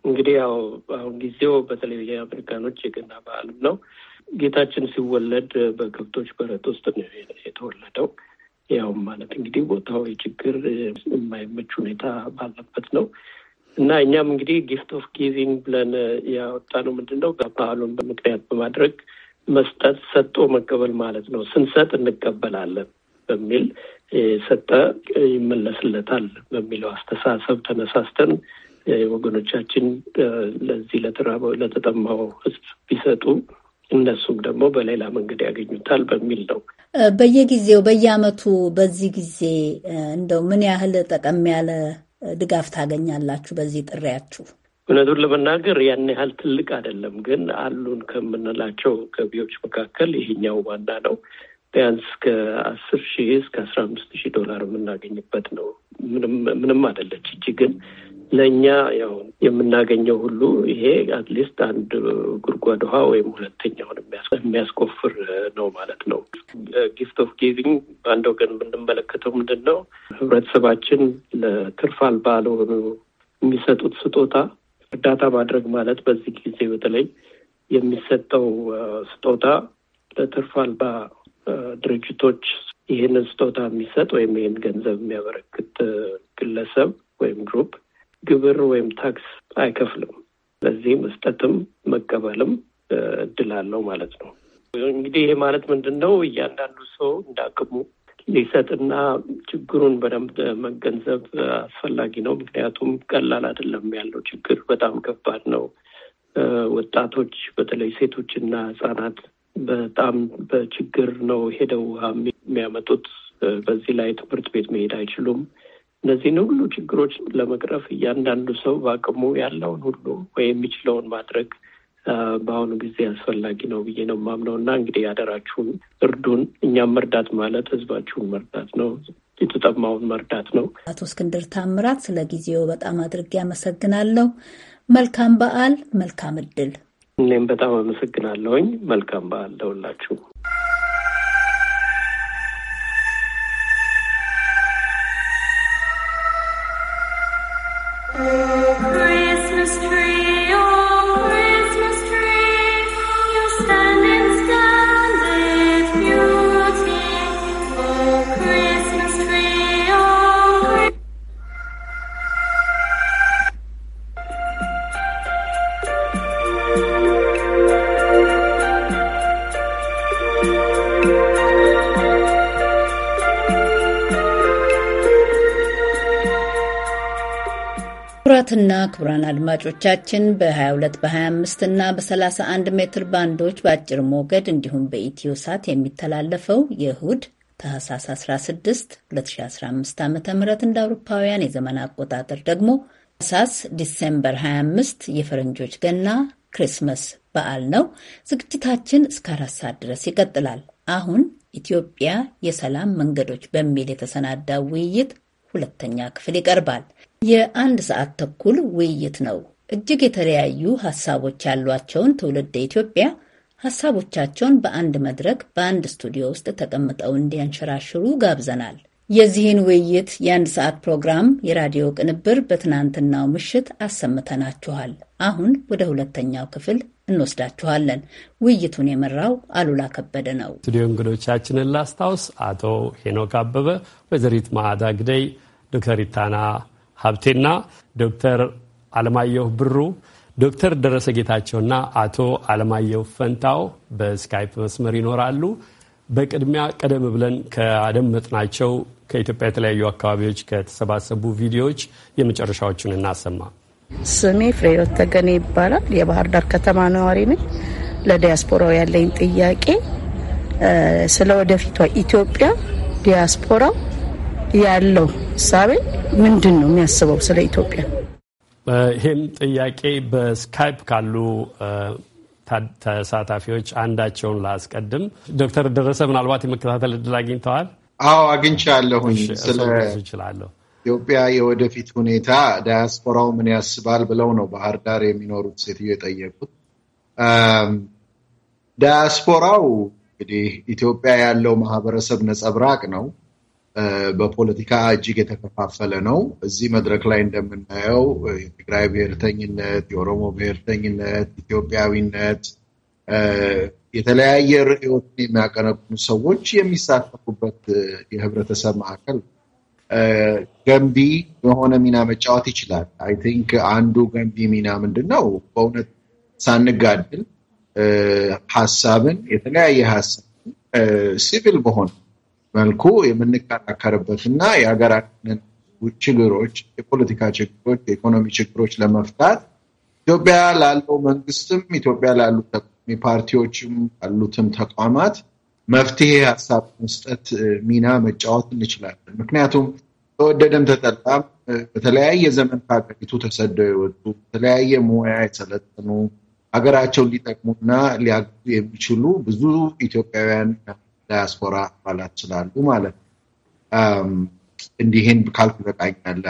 Speaker 6: እንግዲህ ያው አሁን ጊዜው በተለይ የአፍሪካኖች የገና በዓል ነው። ጌታችን ሲወለድ በከብቶች በረት ውስጥ ነው የተወለደው። ያውም ማለት እንግዲህ ቦታው የችግር የማይመች ሁኔታ ባለበት ነው እና እኛም እንግዲህ ጊፍት ኦፍ ጊቪንግ ብለን ነው ምንድን ነው በዓሉን በምክንያት በማድረግ መስጠት፣ ሰጥቶ መቀበል ማለት ነው። ስንሰጥ እንቀበላለን በሚል ሰጠ ይመለስለታል በሚለው አስተሳሰብ ተነሳስተን ወገኖቻችን ለዚህ ለተራበው ለተጠማው ህዝብ ቢሰጡ እነሱም ደግሞ በሌላ መንገድ ያገኙታል በሚል ነው።
Speaker 1: በየጊዜው በየአመቱ በዚህ ጊዜ እንደው ምን ያህል ጠቀም ያለ ድጋፍ ታገኛላችሁ በዚህ ጥሪያችሁ?
Speaker 6: እውነቱን ለመናገር ያን ያህል ትልቅ አይደለም፣ ግን አሉን ከምንላቸው ገቢዎች መካከል ይሄኛው ዋና ነው። ቢያንስ ከአስር ሺህ እስከ አስራ አምስት ሺህ ዶላር የምናገኝበት ነው። ምንም አይደለች እጅ ግን ለእኛ ያው የምናገኘው ሁሉ ይሄ አትሊስት አንድ ጉድጓድ ውሃ ወይም ሁለተኛውን የሚያስቆፍር ነው ማለት ነው። ጊፍት ኦፍ ጊቪንግ በአንድ ወገን የምንመለከተው ምንድን ነው? ህብረተሰባችን ለትርፍ አልባ ለሆኑ የሚሰጡት ስጦታ እርዳታ ማድረግ ማለት በዚህ ጊዜ በተለይ የሚሰጠው uh, ስጦታ ለትርፍ አልባ uh, ድርጅቶች ይህንን ስጦታ የሚሰጥ ወይም ይህን ገንዘብ የሚያበረክት uh, ግለሰብ ወይም ግሩፕ ግብር ወይም ታክስ አይከፍልም። ለዚህ መስጠትም መቀበልም እድል አለው ማለት ነው። እንግዲህ ይሄ ማለት ምንድን ነው? እያንዳንዱ ሰው እንዳቅሙ ሊሰጥና ችግሩን በደንብ መገንዘብ አስፈላጊ ነው። ምክንያቱም ቀላል አይደለም ያለው ችግር በጣም ከባድ ነው። ወጣቶች በተለይ ሴቶችና ህጻናት በጣም በችግር ነው ሄደው ውሃ የሚያመጡት። በዚህ ላይ ትምህርት ቤት መሄድ አይችሉም። እነዚህን ሁሉ ችግሮች ለመቅረፍ እያንዳንዱ ሰው በአቅሙ ያለውን ሁሉ ወይ የሚችለውን ማድረግ በአሁኑ ጊዜ አስፈላጊ ነው ብዬ ነው የማምነው እና እንግዲህ ያደራችሁን እርዱን። እኛም መርዳት ማለት ህዝባችሁን መርዳት ነው፣ የተጠማውን
Speaker 1: መርዳት ነው። አቶ እስክንድር ታምራት ስለ ጊዜው በጣም አድርጌ አመሰግናለሁ። መልካም በዓል፣ መልካም እድል።
Speaker 6: እኔም በጣም አመሰግናለሁኝ። መልካም በዓል ለሁላችሁ።
Speaker 1: ክቡራትና ክቡራን አድማጮቻችን በ22 በ25 እና በ31 ሜትር ባንዶች በአጭር ሞገድ እንዲሁም በኢትዮ ሳት የሚተላለፈው የእሁድ ታህሳስ 16 2015 ዓ ም እንደ አውሮፓውያን የዘመን አቆጣጠር ደግሞ ሳስ ዲሴምበር 25 የፈረንጆች ገና ክሪስመስ በዓል ነው። ዝግጅታችን እስከ አራት ሰዓት ድረስ ይቀጥላል። አሁን ኢትዮጵያ የሰላም መንገዶች በሚል የተሰናዳው ውይይት ሁለተኛ ክፍል ይቀርባል። የአንድ ሰዓት ተኩል ውይይት ነው። እጅግ የተለያዩ ሀሳቦች ያሏቸውን ትውልደ ኢትዮጵያ ሀሳቦቻቸውን በአንድ መድረክ በአንድ ስቱዲዮ ውስጥ ተቀምጠው እንዲያንሸራሽሩ ጋብዘናል። የዚህን ውይይት የአንድ ሰዓት ፕሮግራም የራዲዮ ቅንብር በትናንትናው ምሽት አሰምተናችኋል። አሁን ወደ ሁለተኛው ክፍል እንወስዳችኋለን። ውይይቱን የመራው አሉላ ከበደ ነው።
Speaker 4: ስቱዲዮ እንግዶቻችንን ላስታውስ። አቶ ሄኖክ አበበ፣ ወይዘሪት ማዕዳ ግደይ፣ ዶክተር ኢታና ሀብቴና ዶክተር አለማየሁ ብሩ ዶክተር ደረሰ ጌታቸውና አቶ አለማየሁ ፈንታው በስካይፕ መስመር ይኖራሉ። በቅድሚያ ቀደም ብለን ካደመጥናቸው ከኢትዮጵያ የተለያዩ አካባቢዎች ከተሰባሰቡ ቪዲዮዎች የመጨረሻዎቹን እናሰማ።
Speaker 7: ስሜ ፍሬህይወት ተገኔ ይባላል። የባህር ዳር ከተማ ነዋሪ ነኝ። ለዲያስፖራው ያለኝ ጥያቄ ስለ ወደፊቷ ኢትዮጵያ ዲያስፖራው ያለው እሳቤ ምንድን ነው የሚያስበው ስለ ኢትዮጵያ?
Speaker 4: ይህም ጥያቄ በስካይፕ ካሉ ተሳታፊዎች አንዳቸውን ላስቀድም። ዶክተር ደረሰ ምናልባት የመከታተል እድል አግኝተዋል?
Speaker 8: አዎ አግኝቻለሁኝ። ስለ ኢትዮጵያ የወደፊት ሁኔታ ዳያስፖራው ምን ያስባል ብለው ነው ባህር ዳር የሚኖሩት ሴትዮ የጠየቁት። ዳያስፖራው እንግዲህ ኢትዮጵያ ያለው ማህበረሰብ ነጸብራቅ ነው። Eh, በፖለቲካ እጅግ የተከፋፈለ ነው። እዚህ መድረክ ላይ እንደምናየው የትግራይ ብሔርተኝነት፣ የኦሮሞ ብሔርተኝነት፣ ኢትዮጵያዊነት eh, የተለያየ ርዕዮትን የሚያቀነቁኑ ሰዎች የሚሳተፉበት የህብረተሰብ ማዕከል eh, ገንቢ የሆነ ሚና መጫወት ይችላል። አይ ቲንክ አንዱ ገንቢ ሚና ምንድን ነው? በእውነት ሳንጋድል ሀሳብን የተለያየ ሀሳብን ሲቪል በሆነ መልኩ የምንከራከርበትና የሀገራችንን ችግሮች፣ የፖለቲካ ችግሮች፣ የኢኮኖሚ ችግሮች ለመፍታት ኢትዮጵያ ላለው መንግስትም ኢትዮጵያ ላሉ ተቃዋሚ ፓርቲዎችም ያሉትም ተቋማት መፍትሄ ሀሳብ መስጠት ሚና መጫወት እንችላለን። ምክንያቱም ተወደደም ተጠላም በተለያየ ዘመን ከሀገሪቱ ተሰደው የወጡ በተለያየ ሙያ የሰለጠኑ ሀገራቸውን ሊጠቅሙና ሊያግዙ የሚችሉ ብዙ ኢትዮጵያውያን ዳያስፖራ አባላት ችላሉ ማለት ነው። እንዲህን ካልኩ በቃኛለ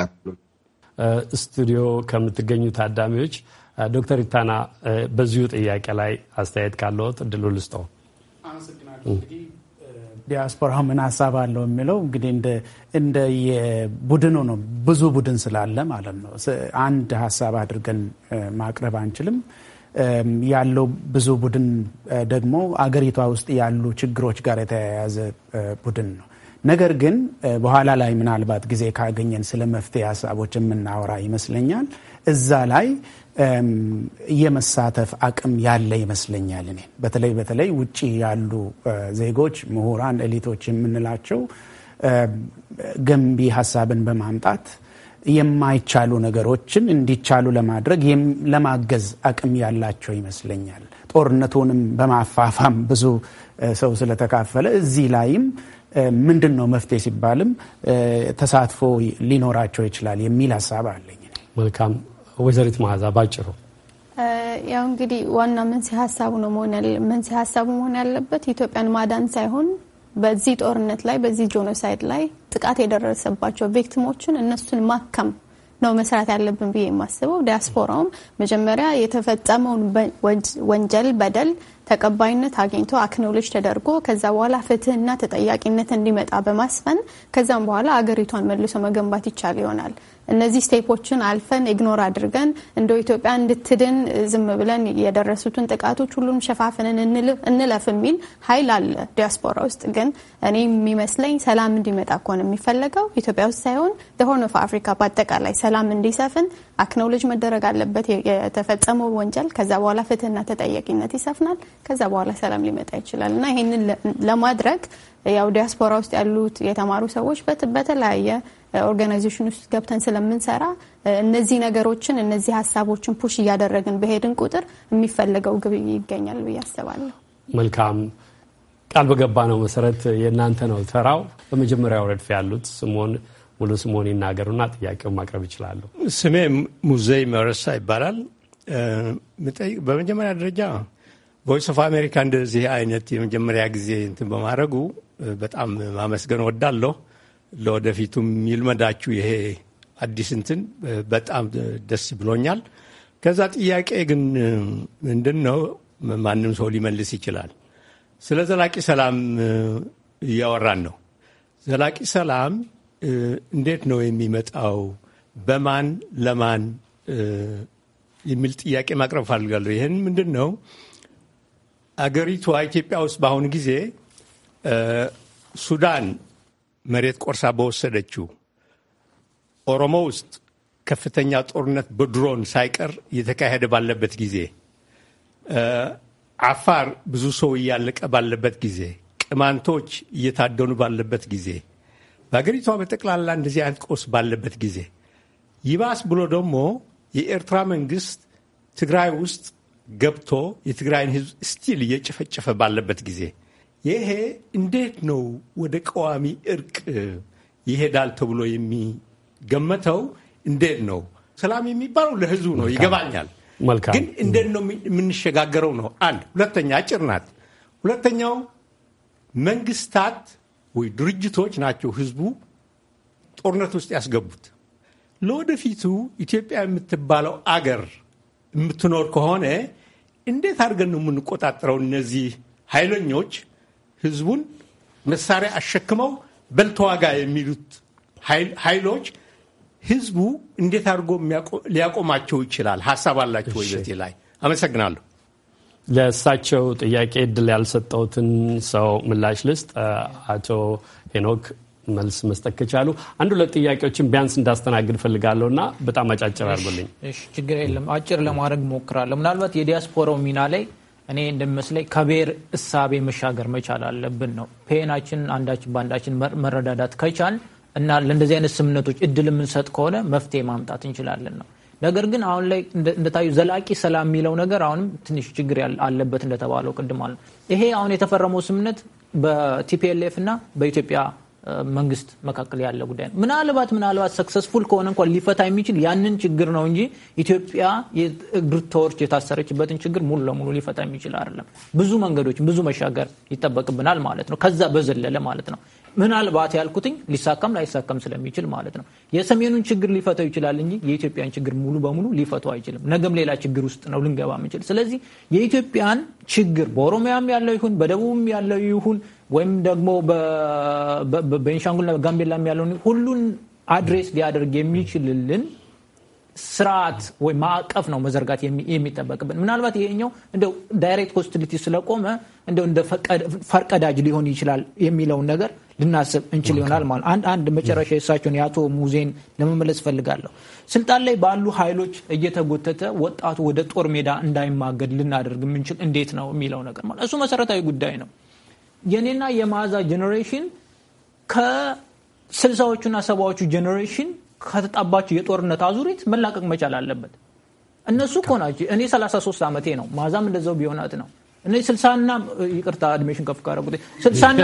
Speaker 4: ስቱዲዮ ከምትገኙ ታዳሚዎች ዶክተር ኢታና በዚሁ ጥያቄ ላይ አስተያየት ካለዎት እድሉ ልስጠው።
Speaker 9: ዲያስፖራ ምን ሀሳብ አለው የሚለው እንግዲህ እንደ የቡድኑ ነው። ብዙ ቡድን ስላለ ማለት ነው አንድ ሀሳብ አድርገን ማቅረብ አንችልም። ያለው ብዙ ቡድን ደግሞ አገሪቷ ውስጥ ያሉ ችግሮች ጋር የተያያዘ ቡድን ነው። ነገር ግን በኋላ ላይ ምናልባት ጊዜ ካገኘን ስለ መፍትሄ ሀሳቦች የምናወራ ይመስለኛል። እዛ ላይ የመሳተፍ አቅም ያለ ይመስለኛል። እኔ በተለይ በተለይ ውጭ ያሉ ዜጎች፣ ምሁራን፣ ኤሊቶች የምንላቸው ገንቢ ሀሳብን በማምጣት የማይቻሉ ነገሮችን እንዲቻሉ ለማድረግ ለማገዝ አቅም ያላቸው ይመስለኛል። ጦርነቱንም በማፋፋም ብዙ ሰው ስለተካፈለ እዚህ ላይም ምንድን ነው መፍትሄ ሲባልም ተሳትፎ ሊኖራቸው ይችላል የሚል ሀሳብ አለኝ። መልካም ወይዘሪት መዓዛ ባጭሩ
Speaker 7: ያው እንግዲህ ዋና መንስኤ ሀሳቡ ነው መሆን መንስኤ ሀሳቡ መሆን ያለበት ኢትዮጵያን ማዳን ሳይሆን በዚህ ጦርነት ላይ በዚህ ጄኖሳይድ ላይ ጥቃት የደረሰባቸው ቪክቲሞችን እነሱን ማከም ነው መስራት ያለብን ብዬ የማስበው። ዲያስፖራውም መጀመሪያ የተፈጸመውን ወንጀል በደል ተቀባይነት አግኝቶ አክኖሎጅ ተደርጎ ከዛ በኋላ ፍትህና ተጠያቂነት እንዲመጣ በማስፈን ከዛም በኋላ አገሪቷን መልሶ መገንባት ይቻል ይሆናል። እነዚህ ስቴፖችን አልፈን ኢግኖር አድርገን እንደ ኢትዮጵያ እንድትድን ዝም ብለን የደረሱትን ጥቃቶች ሁሉም ሸፋፍንን እንለፍ የሚል ኃይል አለ ዲያስፖራ ውስጥ። ግን እኔ የሚመስለኝ ሰላም እንዲመጣ እኮ ነው የሚፈለገው ኢትዮጵያ ውስጥ ሳይሆን ሆርን ኦፍ አፍሪካ በአጠቃላይ ሰላም እንዲሰፍን አክኖሎጅ መደረግ አለበት የተፈጸመው ወንጀል። ከዛ በኋላ ፍትህና ተጠያቂነት ይሰፍናል። ከዛ በኋላ ሰላም ሊመጣ ይችላል እና ይህንን ለማድረግ ያው ዲያስፖራ ውስጥ ያሉት የተማሩ ሰዎች በተለያየ ኦርጋናይዜሽን ውስጥ ገብተን ስለምንሰራ እነዚህ ነገሮችን እነዚህ ሀሳቦችን ፑሽ እያደረግን በሄድን ቁጥር የሚፈለገው ግብ ይገኛል ብዬ አስባለሁ።
Speaker 4: መልካም ቃል በገባ ነው መሰረት የእናንተ ነው ተራው። በመጀመሪያው ረድፍ ያሉት ስሞን ሙሉ
Speaker 10: ስሞን ይናገሩና ጥያቄው ማቅረብ ይችላሉ። ስሜ ሙዜይ መረሳ ይባላል። በመጀመሪያ ደረጃ ቮይስ ኦፍ አሜሪካ እንደዚህ አይነት የመጀመሪያ ጊዜ እንትን በማድረጉ በጣም ማመስገን ወዳለሁ። ለወደፊቱም ይልመዳችሁ ይሄ አዲስ እንትን በጣም ደስ ብሎኛል። ከዛ ጥያቄ ግን ምንድን ነው ማንም ሰው ሊመልስ ይችላል። ስለ ዘላቂ ሰላም እያወራን ነው። ዘላቂ ሰላም እንዴት ነው የሚመጣው? በማን ለማን የሚል ጥያቄ ማቅረብ ፈልጋለሁ። ይህን ምንድን ነው አገሪቷ ኢትዮጵያ ውስጥ በአሁኑ ጊዜ ሱዳን መሬት ቆርሳ በወሰደችው ኦሮሞ ውስጥ ከፍተኛ ጦርነት በድሮን ሳይቀር እየተካሄደ ባለበት ጊዜ፣ አፋር ብዙ ሰው እያለቀ ባለበት ጊዜ፣ ቅማንቶች እየታደኑ ባለበት ጊዜ፣ በሀገሪቷ በጠቅላላ እንደዚህ አይነት ቀውስ ባለበት ጊዜ ይባስ ብሎ ደግሞ የኤርትራ መንግስት ትግራይ ውስጥ ገብቶ የትግራይን ህዝብ ስቲል እየጨፈጨፈ ባለበት ጊዜ ይሄ እንዴት ነው ወደ ቀዋሚ እርቅ ይሄዳል ተብሎ የሚገመተው? እንዴት ነው ሰላም የሚባለው ለህዝቡ ነው ይገባኛል። ግን እንዴት ነው የምንሸጋገረው ነው አንድ። ሁለተኛ አጭር ናት። ሁለተኛው መንግስታት ወይ ድርጅቶች ናቸው ህዝቡ ጦርነት ውስጥ ያስገቡት። ለወደፊቱ ኢትዮጵያ የምትባለው አገር የምትኖር ከሆነ እንዴት አድርገን ነው የምንቆጣጠረው እነዚህ ኃይለኞች ህዝቡን መሳሪያ አሸክመው በልተዋጋ የሚሉት ኃይሎች ህዝቡ እንዴት አድርጎ ሊያቆማቸው ይችላል? ሀሳብ አላቸው ወይዘቴ ላይ አመሰግናለሁ።
Speaker 4: ለእሳቸው ጥያቄ እድል ያልሰጠውትን ሰው ምላሽ ልስጥ። አቶ ሄኖክ መልስ መስጠት ከቻሉ አንድ ሁለት ጥያቄዎችን ቢያንስ እንዳስተናግድ ፈልጋለሁ እና በጣም አጫጭር አድርጎልኝ።
Speaker 11: ችግር የለም አጭር ለማድረግ ሞክራለሁ። ምናልባት የዲያስፖራው ሚና ላይ እኔ እንደሚመስለኝ ከብሔር እሳቤ መሻገር መቻል አለብን ነው። ፔናችን አንዳችን በአንዳችን መረዳዳት ከቻል እና ለእንደዚህ አይነት ስምምነቶች እድል የምንሰጥ ከሆነ መፍትሄ ማምጣት እንችላለን ነው። ነገር ግን አሁን ላይ እንደታዩ ዘላቂ ሰላም የሚለው ነገር አሁንም ትንሽ ችግር አለበት እንደተባለው ቅድም አለ። ይሄ አሁን የተፈረመው ስምምነት በቲፒኤልኤፍ እና በኢትዮጵያ መንግስት መካከል ያለ ጉዳይ ነው። ምናልባት ምናልባት ሰክሰስፉል ከሆነ እንኳን ሊፈታ የሚችል ያንን ችግር ነው እንጂ ኢትዮጵያ የእግር ተወርች የታሰረችበትን ችግር ሙሉ ለሙሉ ሊፈታ የሚችል አይደለም። ብዙ መንገዶች ብዙ መሻገር ይጠበቅብናል ማለት ነው። ከዛ በዘለለ ማለት ነው። ምናልባት ያልኩትኝ ሊሳካም ላይሳካም ስለሚችል ማለት ነው። የሰሜኑን ችግር ሊፈተው ይችላል እንጂ የኢትዮጵያን ችግር ሙሉ በሙሉ ሊፈቱ አይችልም። ነገም ሌላ ችግር ውስጥ ነው ልንገባ የምንችል። ስለዚህ የኢትዮጵያን ችግር በኦሮሚያም ያለው ይሁን በደቡብም ያለው ይሁን ወይም ደግሞ በቤንሻንጉልና በጋምቤላም ያለውን ሁሉን አድሬስ ሊያደርግ የሚችልልን ስርዓት ወይ ማዕቀፍ ነው መዘርጋት የሚጠበቅብን። ምናልባት ይሄኛው እንደው ዳይሬክት ሆስቲሊቲ ስለቆመ እንደው እንደ ፈርቀዳጅ ሊሆን ይችላል የሚለውን ነገር ልናስብ እንችል ይሆናል ማለት አንድ አንድ መጨረሻ የእሳቸውን የአቶ ሙዜን ለመመለስ ፈልጋለሁ። ስልጣን ላይ ባሉ ኃይሎች እየተጎተተ ወጣቱ ወደ ጦር ሜዳ እንዳይማገድ ልናደርግ የምንችል እንዴት ነው የሚለው ነገር ማለት እሱ መሰረታዊ ጉዳይ ነው። የኔና የማዛ ጀኔሬሽን ከስልሳዎቹና ሰባዎቹ ጀኔሬሽን ከተጣባቸው የጦርነት አዙሪት መላቀቅ መቻል አለበት። እነሱ እኮ ናቸው። እኔ 33 ዓመቴ ነው። ማዛም እንደዛው ቢሆናት ነው እኔ ስልሳና ይቅርታ እድሜሽን ከፍ ካረጉት ስልሳና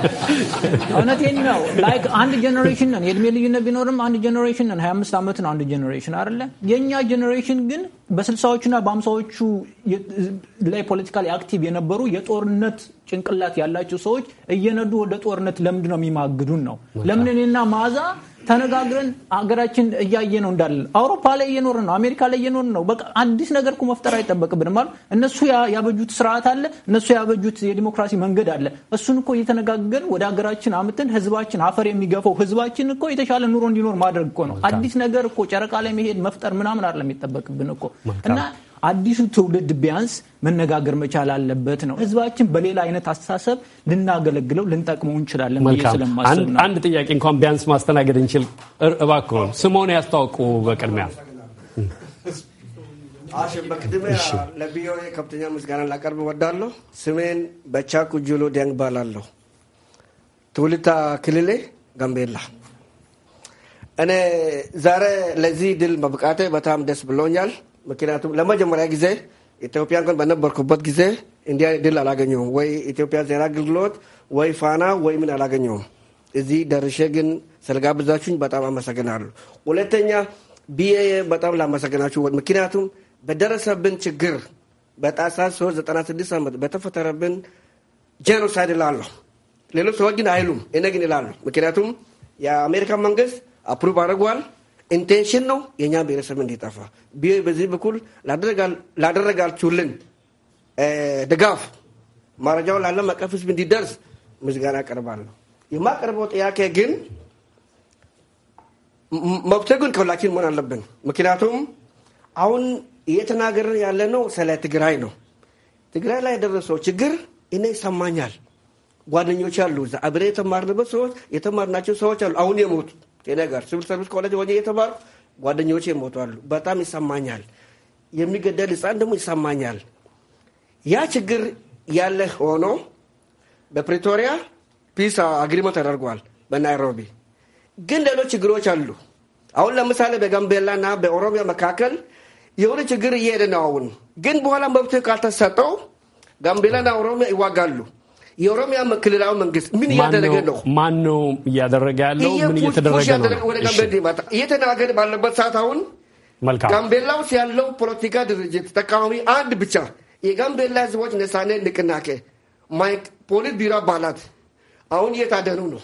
Speaker 11: [LAUGHS] እውነቴን ነው። ላይክ አንድ ጀኔሬሽን ነን። የእድሜ ልዩነት ቢኖርም አንድ ጀኔሬሽን ነን። 25 ዓመት ነው አንድ ጀኔሬሽን አይደለ? የእኛ ጀኔሬሽን ግን በስልሳዎቹና በአምሳዎቹ ላይ ፖለቲካሊ አክቲቭ የነበሩ የጦርነት ጭንቅላት ያላቸው ሰዎች እየነዱ ወደ ጦርነት ለምንድን ነው የሚማግዱን ነው? ለምን እኔና መዓዛ ተነጋግረን ሀገራችን እያየ ነው እንዳለን አውሮፓ ላይ እየኖርን ነው፣ አሜሪካ ላይ እየኖርን ነው። በቃ አዲስ ነገር እኮ መፍጠር አይጠበቅብንም አሉ። እነሱ ያበጁት ስርዓት አለ፣ እነሱ ያበጁት የዲሞክራሲ መንገድ አለ። እሱን እኮ እየተነጋገርን ወደ ሀገራችን አምጥን ህዝባችን አፈር የሚገፈው ህዝባችን እኮ የተሻለ ኑሮ እንዲኖር ማድረግ እኮ ነው። አዲስ ነገር እኮ ጨረቃ ላይ መሄድ መፍጠር ምናምን አለ የሚጠበቅብን እኮ እና አዲሱ ትውልድ ቢያንስ መነጋገር መቻል አለበት ነው። ህዝባችን በሌላ አይነት አስተሳሰብ ልናገለግለው ልንጠቅመው እንችላለን ስለማስብ ነው።
Speaker 4: አንድ ጥያቄ እንኳን ቢያንስ ማስተናገድ እንችል። እባክዎን ስምዎን ያስተዋውቁ በቅድሚያ።
Speaker 12: በቅድሚያ ለቪኦኤ ከፍተኛ ምስጋና ላቀርብ እወዳለሁ። ስሜን በቻኩ ጁሎ ዲያንግ እባላለሁ። ትውልታ ክልሌ ጋምቤላ። እኔ ዛሬ ለዚህ ድል መብቃቴ በጣም ደስ ብሎኛል። ምክንያቱም ለመጀመሪያ ጊዜ ኢትዮጵያን ቀን በነበርኩበት ጊዜ እንዲያ ድል አላገኘሁም። ወይ ኢትዮጵያ ዜና አገልግሎት ወይ ፋና ወይ ምን አላገኘሁም። እዚህ ደርሼ ግን ብዛችሁኝ በጣም አመሰግናለሁ። ሁለተኛ ቢኤ በጣም ላመሰግናችሁ። ምክንያቱም በደረሰብን ችግር በጣሳት 396 ዓመት በተፈጠረብን ጄኖሳይድ እላለሁ። ሌሎች ሰዎች ግን አይሉም፣ እኔ ግን እላለሁ። ምክንያቱም የአሜሪካ መንግስት አፕሩቭ አድርጓል። ኢንቴንሽን ነው የእኛ ብሔረሰብ እንዲጠፋ። በዚህ በኩል ላደረጋችሁልን ድጋፍ መረጃው ለዓለም አቀፍ ሕዝብ እንዲደርስ ምስጋና አቀርባለሁ። የማቀርበው ጥያቄ ግን መብት ግን ከሁላችን መሆን አለብን። ምክንያቱም አሁን እየተናገርን ያለ ነው ስለ ትግራይ ነው። ትግራይ ላይ የደረሰው ችግር እኔ ይሰማኛል። ጓደኞች አሉ፣ እዛ አብሬ የተማርንበት ሰዎች የተማርናቸው ሰዎች አሉ፣ አሁን የሞቱ ጤና ጋር ሲቪል ሰርቪስ ኮሌጅ ወ የተማሩ ጓደኞቼ ይሞቷሉ። በጣም ይሰማኛል። የሚገደል ህፃን ደግሞ ይሰማኛል። ያ ችግር ያለ ሆኖ በፕሪቶሪያ ፒስ አግሪመንት ተደርጓል። በናይሮቢ ግን ሌሎች ችግሮች አሉ። አሁን ለምሳሌ በጋምቤላ በጋምቤላና በኦሮሚያ መካከል የሆነ ችግር እየሄደ ነው። አሁን ግን በኋላ መብት ካልተሰጠው ጋምቤላና ኦሮሚያ ይዋጋሉ። የኦሮሚያ ክልላዊ መንግስት ምን እያደረገ ነው?
Speaker 4: ማን ነው እያደረገ ያለው? ምን እየተደረገ ነው?
Speaker 12: እየተናገር ባለበት ሰዓት አሁን ጋምቤላ ውስጥ ያለው ፖለቲካ ድርጅት ተቃዋሚ አንድ ብቻ የጋምቤላ ህዝቦች ነሳኔ ንቅናቄ ማይክ ፖሊስ ቢሮ አባላት አሁን እየታደኑ ነው።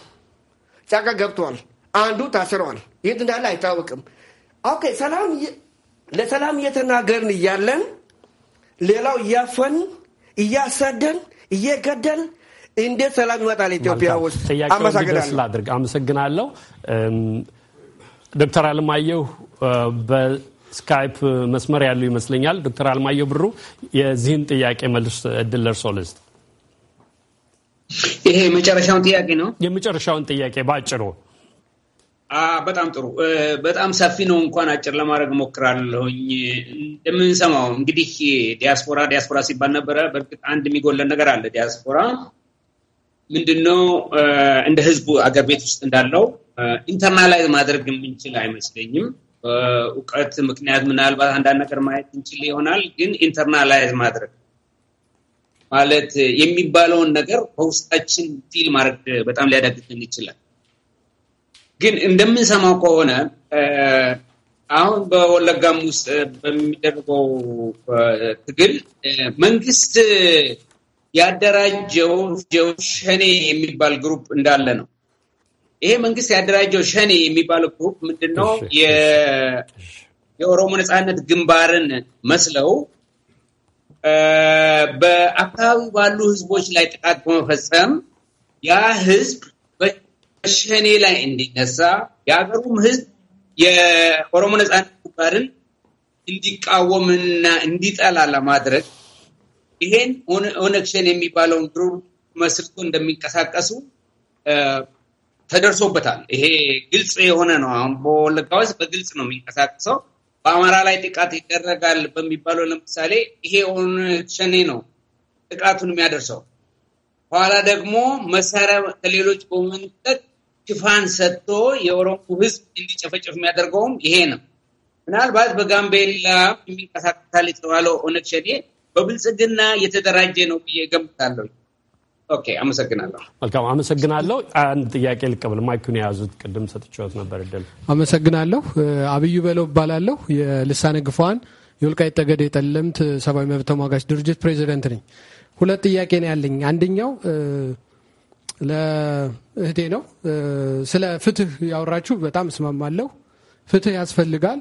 Speaker 12: ጫካ ገብተዋል። አንዱ ታስረዋል። የት እንዳለ አይታወቅም። ኦኬ ሰላም ለሰላም እየተናገርን እያለን ሌላው እያፈን እያሳደን እየገደል እንዴት ሰላም ይመጣል ኢትዮጵያ ውስጥ? አመሰግናለሁ።
Speaker 4: አመሰግናለሁ። ዶክተር አለማየሁ በስካይፕ መስመር ያሉ ይመስለኛል። ዶክተር አልማየሁ ብሩ የዚህን ጥያቄ መልስ እድል ለርሶ ልስጥ። ይሄ የመጨረሻውን ጥያቄ ነው። የመጨረሻውን ጥያቄ በአጭሩ
Speaker 13: በጣም ጥሩ። በጣም ሰፊ ነው። እንኳን አጭር ለማድረግ እሞክራለሁኝ። እንደምንሰማው እንግዲህ ዲያስፖራ ዲያስፖራ ሲባል ነበረ። በእርግጥ አንድ የሚጎለን ነገር አለ። ዲያስፖራ ምንድነው እንደ ህዝቡ አገር ቤት ውስጥ እንዳለው ኢንተርናላይዝ ማድረግ የምንችል አይመስለኝም። እውቀት ምክንያት ምናልባት አንዳንድ ነገር ማየት እንችል ይሆናል፣ ግን ኢንተርናላይዝ ማድረግ ማለት የሚባለውን ነገር በውስጣችን ፊል ማድረግ በጣም ሊያዳግተን ይችላል። ግን እንደምንሰማው ከሆነ አሁን በወለጋም ውስጥ በሚደረገው ትግል መንግስት ያደራጀው ሸኔ የሚባል ግሩፕ እንዳለ ነው። ይሄ መንግስት ያደራጀው ሸኔ የሚባል ግሩፕ ምንድን ነው? የኦሮሞ ነፃነት ግንባርን መስለው በአካባቢ ባሉ ህዝቦች ላይ ጥቃት በመፈጸም ያ ህዝብ በሸኔ ላይ እንዲነሳ የሀገሩም ህዝብ የኦሮሞ ነፃነት ግንባርን እንዲቃወምና እንዲጠላ ለማድረግ ይሄን ኦነግሸን የሚባለውን ግሩፕ መስርቶ እንደሚንቀሳቀሱ ተደርሶበታል። ይሄ ግልጽ የሆነ ነው። አሁን በወለጋ ውስጥ በግልጽ ነው የሚንቀሳቀሰው። በአማራ ላይ ጥቃት ይደረጋል በሚባለው ለምሳሌ ይሄ ኦነግ ሸኔ ነው ጥቃቱን የሚያደርሰው። በኋላ ደግሞ መሳሪያ ከሌሎች በመንጠቅ ሽፋን ሰጥቶ የኦሮሞ ሕዝብ እንዲጨፈጨፍ የሚያደርገውም ይሄ ነው። ምናልባት በጋምቤላ የሚንቀሳቀሳል የተባለው ኦነግ ሸኔ በብልጽግና የተደራጀ ነው ብዬ ገምታለሁ። ኦኬ፣ አመሰግናለሁ።
Speaker 4: መልካም አመሰግናለሁ። አንድ ጥያቄ ልቀበል። ማይኩን የያዙት ቅድም ሰጥቼዎት ነበር እድል።
Speaker 14: አመሰግናለሁ። አብዩ በለው እባላለሁ። የልሳነ ግፏን የወልቃይት ጠገዴ የጠለምት ሰብአዊ መብት ተሟጋች ድርጅት ፕሬዚደንት ነኝ። ሁለት ጥያቄ ነው ያለኝ። አንደኛው ለእህቴ ነው። ስለ ፍትህ ያወራችሁ በጣም እስማማለሁ። ፍትህ ያስፈልጋል።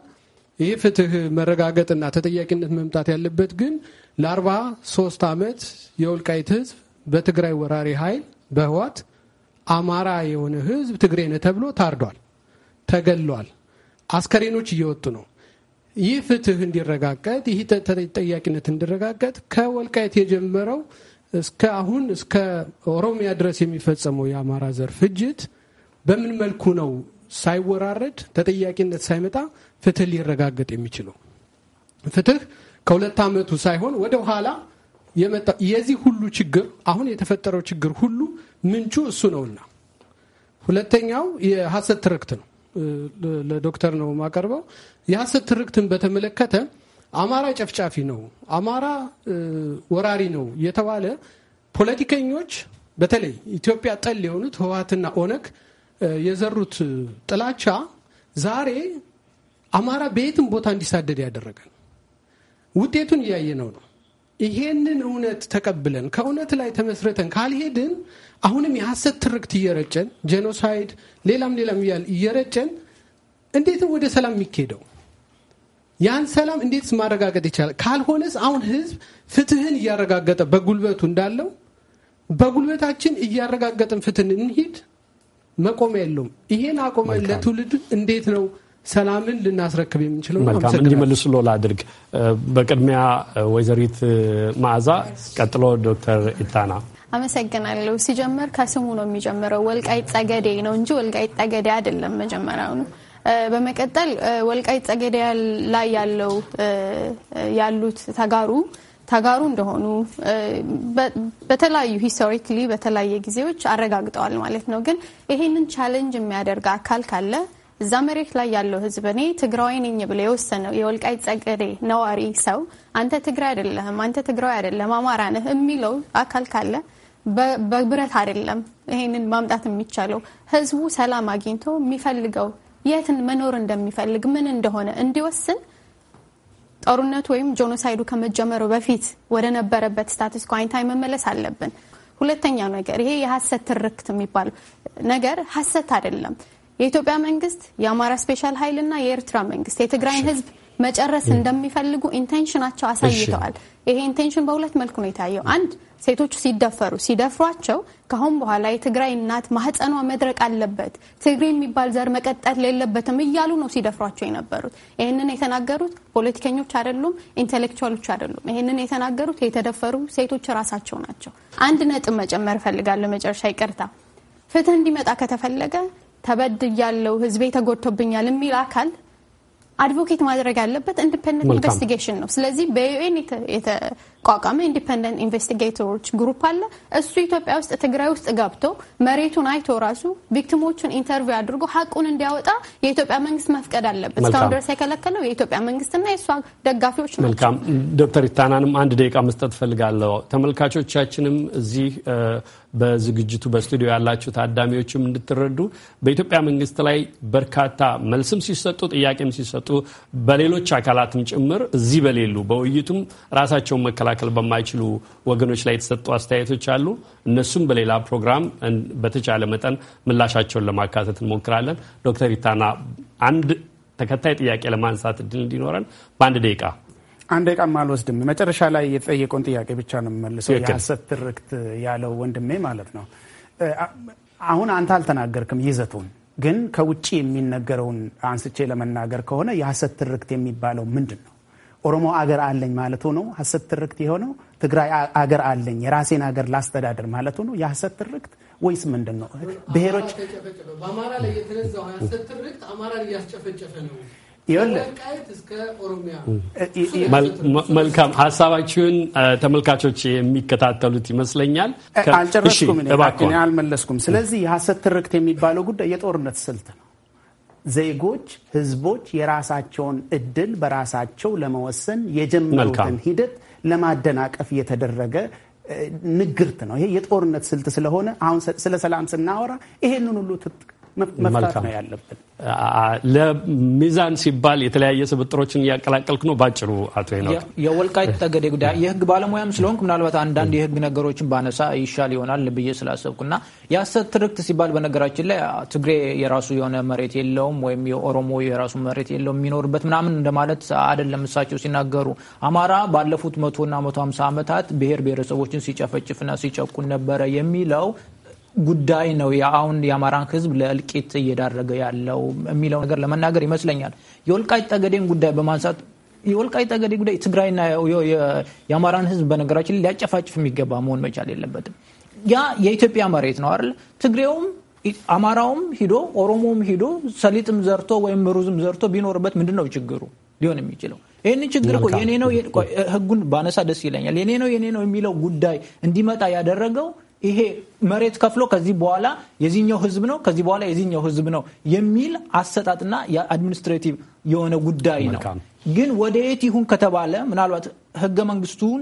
Speaker 14: ይህ ፍትህ መረጋገጥና ተጠያቂነት መምጣት ያለበት ግን ለአርባ ሶስት ዓመት የወልቃይት ህዝብ በትግራይ ወራሪ ኃይል በህዋት አማራ የሆነ ህዝብ ትግሬ ተብሎ ታርዷል፣ ተገሏል፣ አስከሬኖች እየወጡ ነው። ይህ ፍትህ እንዲረጋገጥ፣ ይህ ተጠያቂነት እንዲረጋገጥ ከወልቃይት የጀመረው እስከ አሁን እስከ ኦሮሚያ ድረስ የሚፈጸመው የአማራ ዘር ፍጅት በምን መልኩ ነው ሳይወራረድ ተጠያቂነት ሳይመጣ ፍትህ ሊረጋገጥ የሚችለው ፍትህ ከሁለት ዓመቱ ሳይሆን ወደ ኋላ የመጣ የዚህ ሁሉ ችግር አሁን የተፈጠረው ችግር ሁሉ ምንቹ እሱ ነውና፣ ሁለተኛው የሐሰት ትርክት ነው። ለዶክተር ነው የማቀርበው። የሐሰት ትርክትን በተመለከተ አማራ ጨፍጫፊ ነው፣ አማራ ወራሪ ነው የተባለ ፖለቲከኞች በተለይ ኢትዮጵያ ጠል የሆኑት ህወሓትና ኦነግ የዘሩት ጥላቻ ዛሬ አማራ በየትም ቦታ እንዲሳደድ ያደረገን ውጤቱን እያየነው ነው። ይሄንን እውነት ተቀብለን ከእውነት ላይ ተመስርተን ካልሄድን አሁንም የሐሰት ትርክት እየረጨን ጄኖሳይድ፣ ሌላም ሌላም እያል እየረጨን እንዴት ወደ ሰላም የሚካሄደው? ያን ሰላም እንዴትስ ማረጋገጥ ይቻላል? ካልሆነስ አሁን ህዝብ ፍትህን እያረጋገጠ በጉልበቱ እንዳለው በጉልበታችን እያረጋገጥን ፍትህን እንሂድ መቆም የለውም። ይሄን አቆመን ለትውልድ እንዴት
Speaker 4: ነው ሰላምን ልናስረክብ የምንችለው? መልካም እንዲመልሱ ሎላ አድርግ። በቅድሚያ ወይዘሪት መዓዛ፣ ቀጥሎ ዶክተር ኢታና።
Speaker 7: አመሰግናለሁ። ሲጀመር ከስሙ ነው የሚጀምረው። ወልቃይት ጠገዴ ነው እንጂ ወልቃይት ጠገዴ አይደለም መጀመሪያው ነው። በመቀጠል ወልቃይት ጸገዴ ላይ ያለው ያሉት ተጋሩ ተጋሩ እንደሆኑ በተለያዩ ሂስቶሪካሊ በተለያየ ጊዜዎች አረጋግጠዋል ማለት ነው። ግን ይሄንን ቻሌንጅ የሚያደርግ አካል ካለ እዛ መሬት ላይ ያለው ህዝብ እኔ ትግራዋይ ነኝ ብሎ የወሰነው የወልቃይ ጸገዴ ነዋሪ ሰው አንተ ትግራይ አይደለህም፣ አንተ ትግራዊ አይደለም፣ አማራ ነህ የሚለው አካል ካለ በብረት አይደለም ይሄንን ማምጣት የሚቻለው። ህዝቡ ሰላም አግኝቶ የሚፈልገው የትን መኖር እንደሚፈልግ ምን እንደሆነ እንዲወስን ጦርነቱ ወይም ጆኖሳይዱ ከመጀመሩ በፊት ወደ ነበረበት ስታትስ ኮ መመለስ አለብን። ሁለተኛው ነገር ይሄ የሀሰት ትርክት የሚባል ነገር ሀሰት አይደለም። የኢትዮጵያ መንግስት፣ የአማራ ስፔሻል ኃይል እና የኤርትራ መንግስት የትግራይን ህዝብ መጨረስ እንደሚፈልጉ ኢንቴንሽናቸው አሳይተዋል። ይሄ ኢንቴንሽን በሁለት መልኩ ነው የታየው። አንድ ሴቶቹ ሲደፈሩ ሲደፍሯቸው ከአሁን በኋላ የትግራይ እናት ማህፀኗ መድረቅ አለበት፣ ትግሬ የሚባል ዘር መቀጠል የለበትም እያሉ ነው ሲደፍሯቸው የነበሩት። ይህንን የተናገሩት ፖለቲከኞች አይደሉም፣ ኢንቴሌክቹዋሎች አይደሉም። ይህንን የተናገሩት የተደፈሩ ሴቶች ራሳቸው ናቸው። አንድ ነጥብ መጨመር እፈልጋለሁ። መጨረሻ ይቅርታ፣ ፍትህ እንዲመጣ ከተፈለገ ተበድያለሁ፣ ህዝቤ ተጎድቶብኛል የሚል አካል አድቮኬት ማድረግ ያለበት ኢንዲፐንደንት ኢንቨስቲጌሽን ነው። ስለዚህ በዩኤን የተቋቋመ ኢንዲፐንደንት ኢንቨስቲጌተሮች ግሩፕ አለ። እሱ ኢትዮጵያ ውስጥ ትግራይ ውስጥ ገብቶ መሬቱን አይቶ ራሱ ቪክቲሞቹን ኢንተርቪው አድርጎ ሀቁን እንዲያወጣ የኢትዮጵያ መንግስት መፍቀድ አለበት። እስካሁን ድረስ የከለከለው የኢትዮጵያ መንግስትና የእሷ ደጋፊዎች ናቸው።
Speaker 4: መልካም ዶክተር ኢታናንም አንድ ደቂቃ መስጠት ፈልጋለሁ። ተመልካቾቻችንም እዚህ በዝግጅቱ በስቱዲዮ ያላችሁ ታዳሚዎችም እንድትረዱ በኢትዮጵያ መንግስት ላይ በርካታ መልስም ሲሰጡ ጥያቄም ሲሰጡ በሌሎች አካላትም ጭምር እዚህ በሌሉ በውይይቱም ራሳቸውን መከላከል በማይችሉ ወገኖች ላይ የተሰጡ አስተያየቶች አሉ። እነሱም በሌላ ፕሮግራም በተቻለ መጠን ምላሻቸውን ለማካተት እንሞክራለን። ዶክተር ኢታና አንድ ተከታይ ጥያቄ ለማንሳት እድል እንዲኖረን በአንድ ደቂቃ
Speaker 9: አንድ ደቂቃም አልወስድም። መጨረሻ ላይ የተጠየቀውን ጥያቄ ብቻ ነው የምመልሰው። የሀሰት ትርክት ያለው ወንድሜ ማለት ነው። አሁን አንተ አልተናገርክም ይዘቱን ግን ከውጭ የሚነገረውን አንስቼ ለመናገር ከሆነ የሀሰት ትርክት የሚባለው ምንድን ነው? ኦሮሞ አገር አለኝ ማለቱ ነው ሀሰት ትርክት የሆነው? ትግራይ አገር አለኝ የራሴን አገር ላስተዳድር ማለቱ ነው የሀሰት ትርክት ወይስ ምንድን ነው? ብሔሮች
Speaker 14: በአማራ ላይ የተነዛው ሀሰት ትርክት አማራን
Speaker 6: እያስጨፈጨፈ ነው
Speaker 9: መልካም
Speaker 4: ሀሳባችሁን ተመልካቾች የሚከታተሉት ይመስለኛል። አልጨረስኩም፣
Speaker 9: አልመለስኩም። ስለዚህ የሀሰት ትርክት የሚባለው ጉዳይ የጦርነት ስልት ነው። ዜጎች፣ ህዝቦች የራሳቸውን እድል በራሳቸው ለመወሰን የጀመሩትን ሂደት ለማደናቀፍ እየተደረገ ንግርት ነው። ይሄ የጦርነት ስልት ስለሆነ አሁን ስለ ሰላም ስናወራ ይሄንን ሁሉ መፍታት ነው ያለብን።
Speaker 4: ለሚዛን ሲባል የተለያየ ስብጥሮችን እያቀላቀልክ ነው ባጭሩ። አቶ
Speaker 11: የወልቃይት ጠገዴ ጉዳይ የህግ ባለሙያም ስለሆንክ ምናልባት አንዳንድ የህግ ነገሮችን ባነሳ ይሻል ይሆናል ብዬ ስላሰብኩና የሀሰት ትርክት ሲባል በነገራችን ላይ ትግሬ የራሱ የሆነ መሬት የለውም ወይም የኦሮሞ የራሱ መሬት የለውም የሚኖርበት ምናምን እንደማለት አይደለም። እሳቸው ሲናገሩ አማራ ባለፉት መቶና መቶ ሀምሳ ዓመታት ብሔር ብሔረሰቦችን ሲጨፈጭፍና ሲጨቁን ነበረ የሚለው ጉዳይ ነው አሁን የአማራን ህዝብ ለእልቂት እየዳረገ ያለው የሚለው ነገር ለመናገር ይመስለኛል። የወልቃይት ጠገዴን ጉዳይ በማንሳት የወልቃይት ጠገዴ ጉዳይ ትግራይና የአማራን ህዝብ በነገራችን ላይ ሊያጨፋጭፍ የሚገባ መሆን መቻል የለበትም። ያ የኢትዮጵያ መሬት ነው አይደል? ትግሬውም አማራውም ሂዶ ኦሮሞውም ሂዶ ሰሊጥም ዘርቶ ወይም ሩዝም ዘርቶ ቢኖርበት ምንድን ነው ችግሩ ሊሆን የሚችለው? ይህንን ችግር የኔ ነው ህጉን ባነሳ ደስ ይለኛል። የኔ ነው የኔ ነው የሚለው ጉዳይ እንዲመጣ ያደረገው ይሄ መሬት ከፍሎ ከዚህ በኋላ የዚህኛው ህዝብ ነው ከዚህ በኋላ የዚህኛው ህዝብ ነው የሚል አሰጣጥና የአድሚኒስትሬቲቭ የሆነ ጉዳይ ነው። ግን ወደ የት ይሁን ከተባለ ምናልባት ህገ መንግስቱን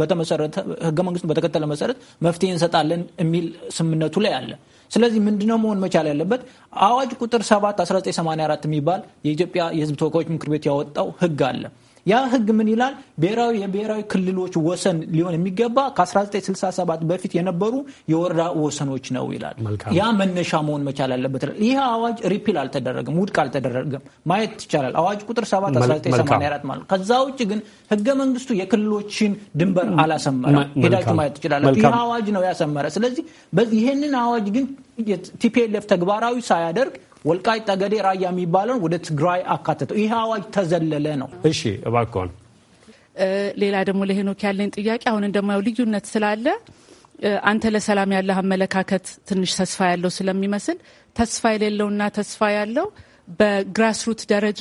Speaker 11: በተመሰረተ ህገ መንግስቱን በተከተለ መሰረት መፍትሄ እንሰጣለን የሚል ስምነቱ ላይ አለ። ስለዚህ ምንድነው መሆን መቻል ያለበት? አዋጅ ቁጥር 7 1984 የሚባል የኢትዮጵያ የህዝብ ተወካዮች ምክር ቤት ያወጣው ህግ አለ። ያ ህግ ምን ይላል? ብሔራዊ የብሔራዊ ክልሎች ወሰን ሊሆን የሚገባ ከ1967 በፊት የነበሩ የወረዳ ወሰኖች ነው ይላል። ያ መነሻ መሆን መቻል አለበት። ይህ አዋጅ ሪፒል አልተደረገም፣ ውድቅ አልተደረገም። ማየት ይቻላል። አዋጅ ቁጥር 7 1984 ማለት ከዛ ውጭ ግን ህገ መንግስቱ የክልሎችን ድንበር አላሰመረም። ሄዳችሁ ማየት ትችላላችሁ። ይህ አዋጅ ነው ያሰመረ። ስለዚህ ይህንን አዋጅ ግን ቲፒኤልኤፍ ተግባራዊ ሳያደርግ ወልቃይ ጠገዴ፣ ራያ የሚባለውን ወደ ትግራይ አካተተው ይህ አዋጅ ተዘለለ ነው። እሺ እባክዎን።
Speaker 13: ሌላ ደግሞ ለሄኖክ ያለኝ ጥያቄ አሁን እንደማየው ልዩነት ስላለ አንተ ለሰላም ያለህ አመለካከት ትንሽ ተስፋ ያለው ስለሚመስል ተስፋ የሌለውና ተስፋ ያለው በግራስሩት ደረጃ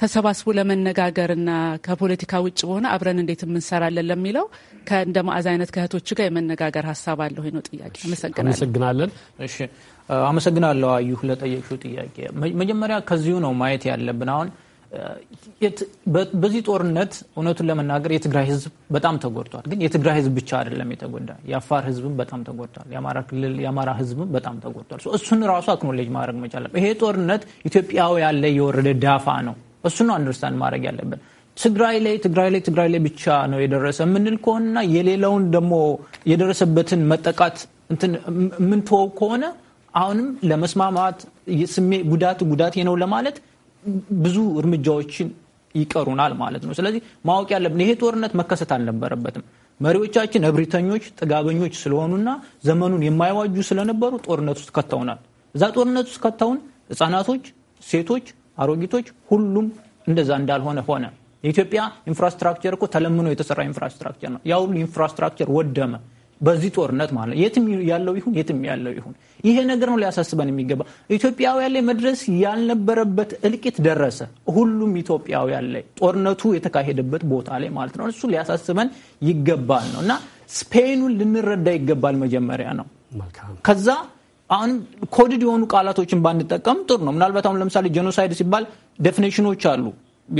Speaker 13: ተሰባስቦ ለመነጋገርና ከፖለቲካ ውጭ በሆነ አብረን እንዴት የምንሰራለን ለሚለው ከእንደ መዓዛ አይነት ከእህቶች ጋር የመነጋገር ሀሳብ አለሁ ነው ጥያቄ።
Speaker 11: አመሰግናለን። እሺ፣ አመሰግናለሁ አዩ ለጠየቅሽው ጥያቄ። መጀመሪያ ከዚሁ ነው ማየት ያለብን አሁን በዚህ ጦርነት እውነቱን ለመናገር የትግራይ ህዝብ በጣም ተጎድቷል። ግን የትግራይ ህዝብ ብቻ አይደለም የተጎዳ፣ የአፋር ህዝብም በጣም ተጎድቷል። የአማራ ክልል የአማራ ህዝብም በጣም ተጎድቷል። እሱን ራሱ አክኖሌጅ ማድረግ መቻለም ይሄ ጦርነት ኢትዮጵያዊ ያለ የወረደ ዳፋ ነው እሱ ነው አንደርስታንድ ማድረግ ያለብን። ትግራይ ላይ ትግራይ ላይ ትግራይ ላይ ብቻ ነው የደረሰ የምንል ከሆነና የሌላውን ደግሞ የደረሰበትን መጠቃት የምንተወው ከሆነ አሁንም ለመስማማት ጉዳት ጉዳቴ ነው ለማለት ብዙ እርምጃዎችን ይቀሩናል ማለት ነው። ስለዚህ ማወቅ ያለብን ይሄ ጦርነት መከሰት አልነበረበትም። መሪዎቻችን እብሪተኞች፣ ጥጋበኞች ስለሆኑና ዘመኑን የማይዋጁ ስለነበሩ ጦርነት ውስጥ ከተውናል። እዛ ጦርነት ውስጥ ከተውን ህጻናቶች፣ ሴቶች አሮጊቶች ሁሉም እንደዛ እንዳልሆነ ሆነ። የኢትዮጵያ ኢንፍራስትራክቸር እኮ ተለምኖ የተሰራ ኢንፍራስትራክቸር ነው። ያ ሁሉ ኢንፍራስትራክቸር ወደመ በዚህ ጦርነት ማለት የትም ያለው ይሁን የትም ያለው ይሁን ይሄ ነገር ነው ሊያሳስበን የሚገባ። ኢትዮጵያውያን ላይ መድረስ ያልነበረበት እልቂት ደረሰ፣ ሁሉም ኢትዮጵያውያን ላይ ጦርነቱ የተካሄደበት ቦታ ላይ ማለት ነው። እሱ ሊያሳስበን ይገባል ነው እና ስፔኑን ልንረዳ ይገባል መጀመሪያ ነው ከዛ አሁንም ኮድድ የሆኑ ቃላቶችን ባንጠቀም ጥሩ ነው። ምናልባት አሁን ለምሳሌ ጄኖሳይድ ሲባል ዴፊኔሽኖች አሉ።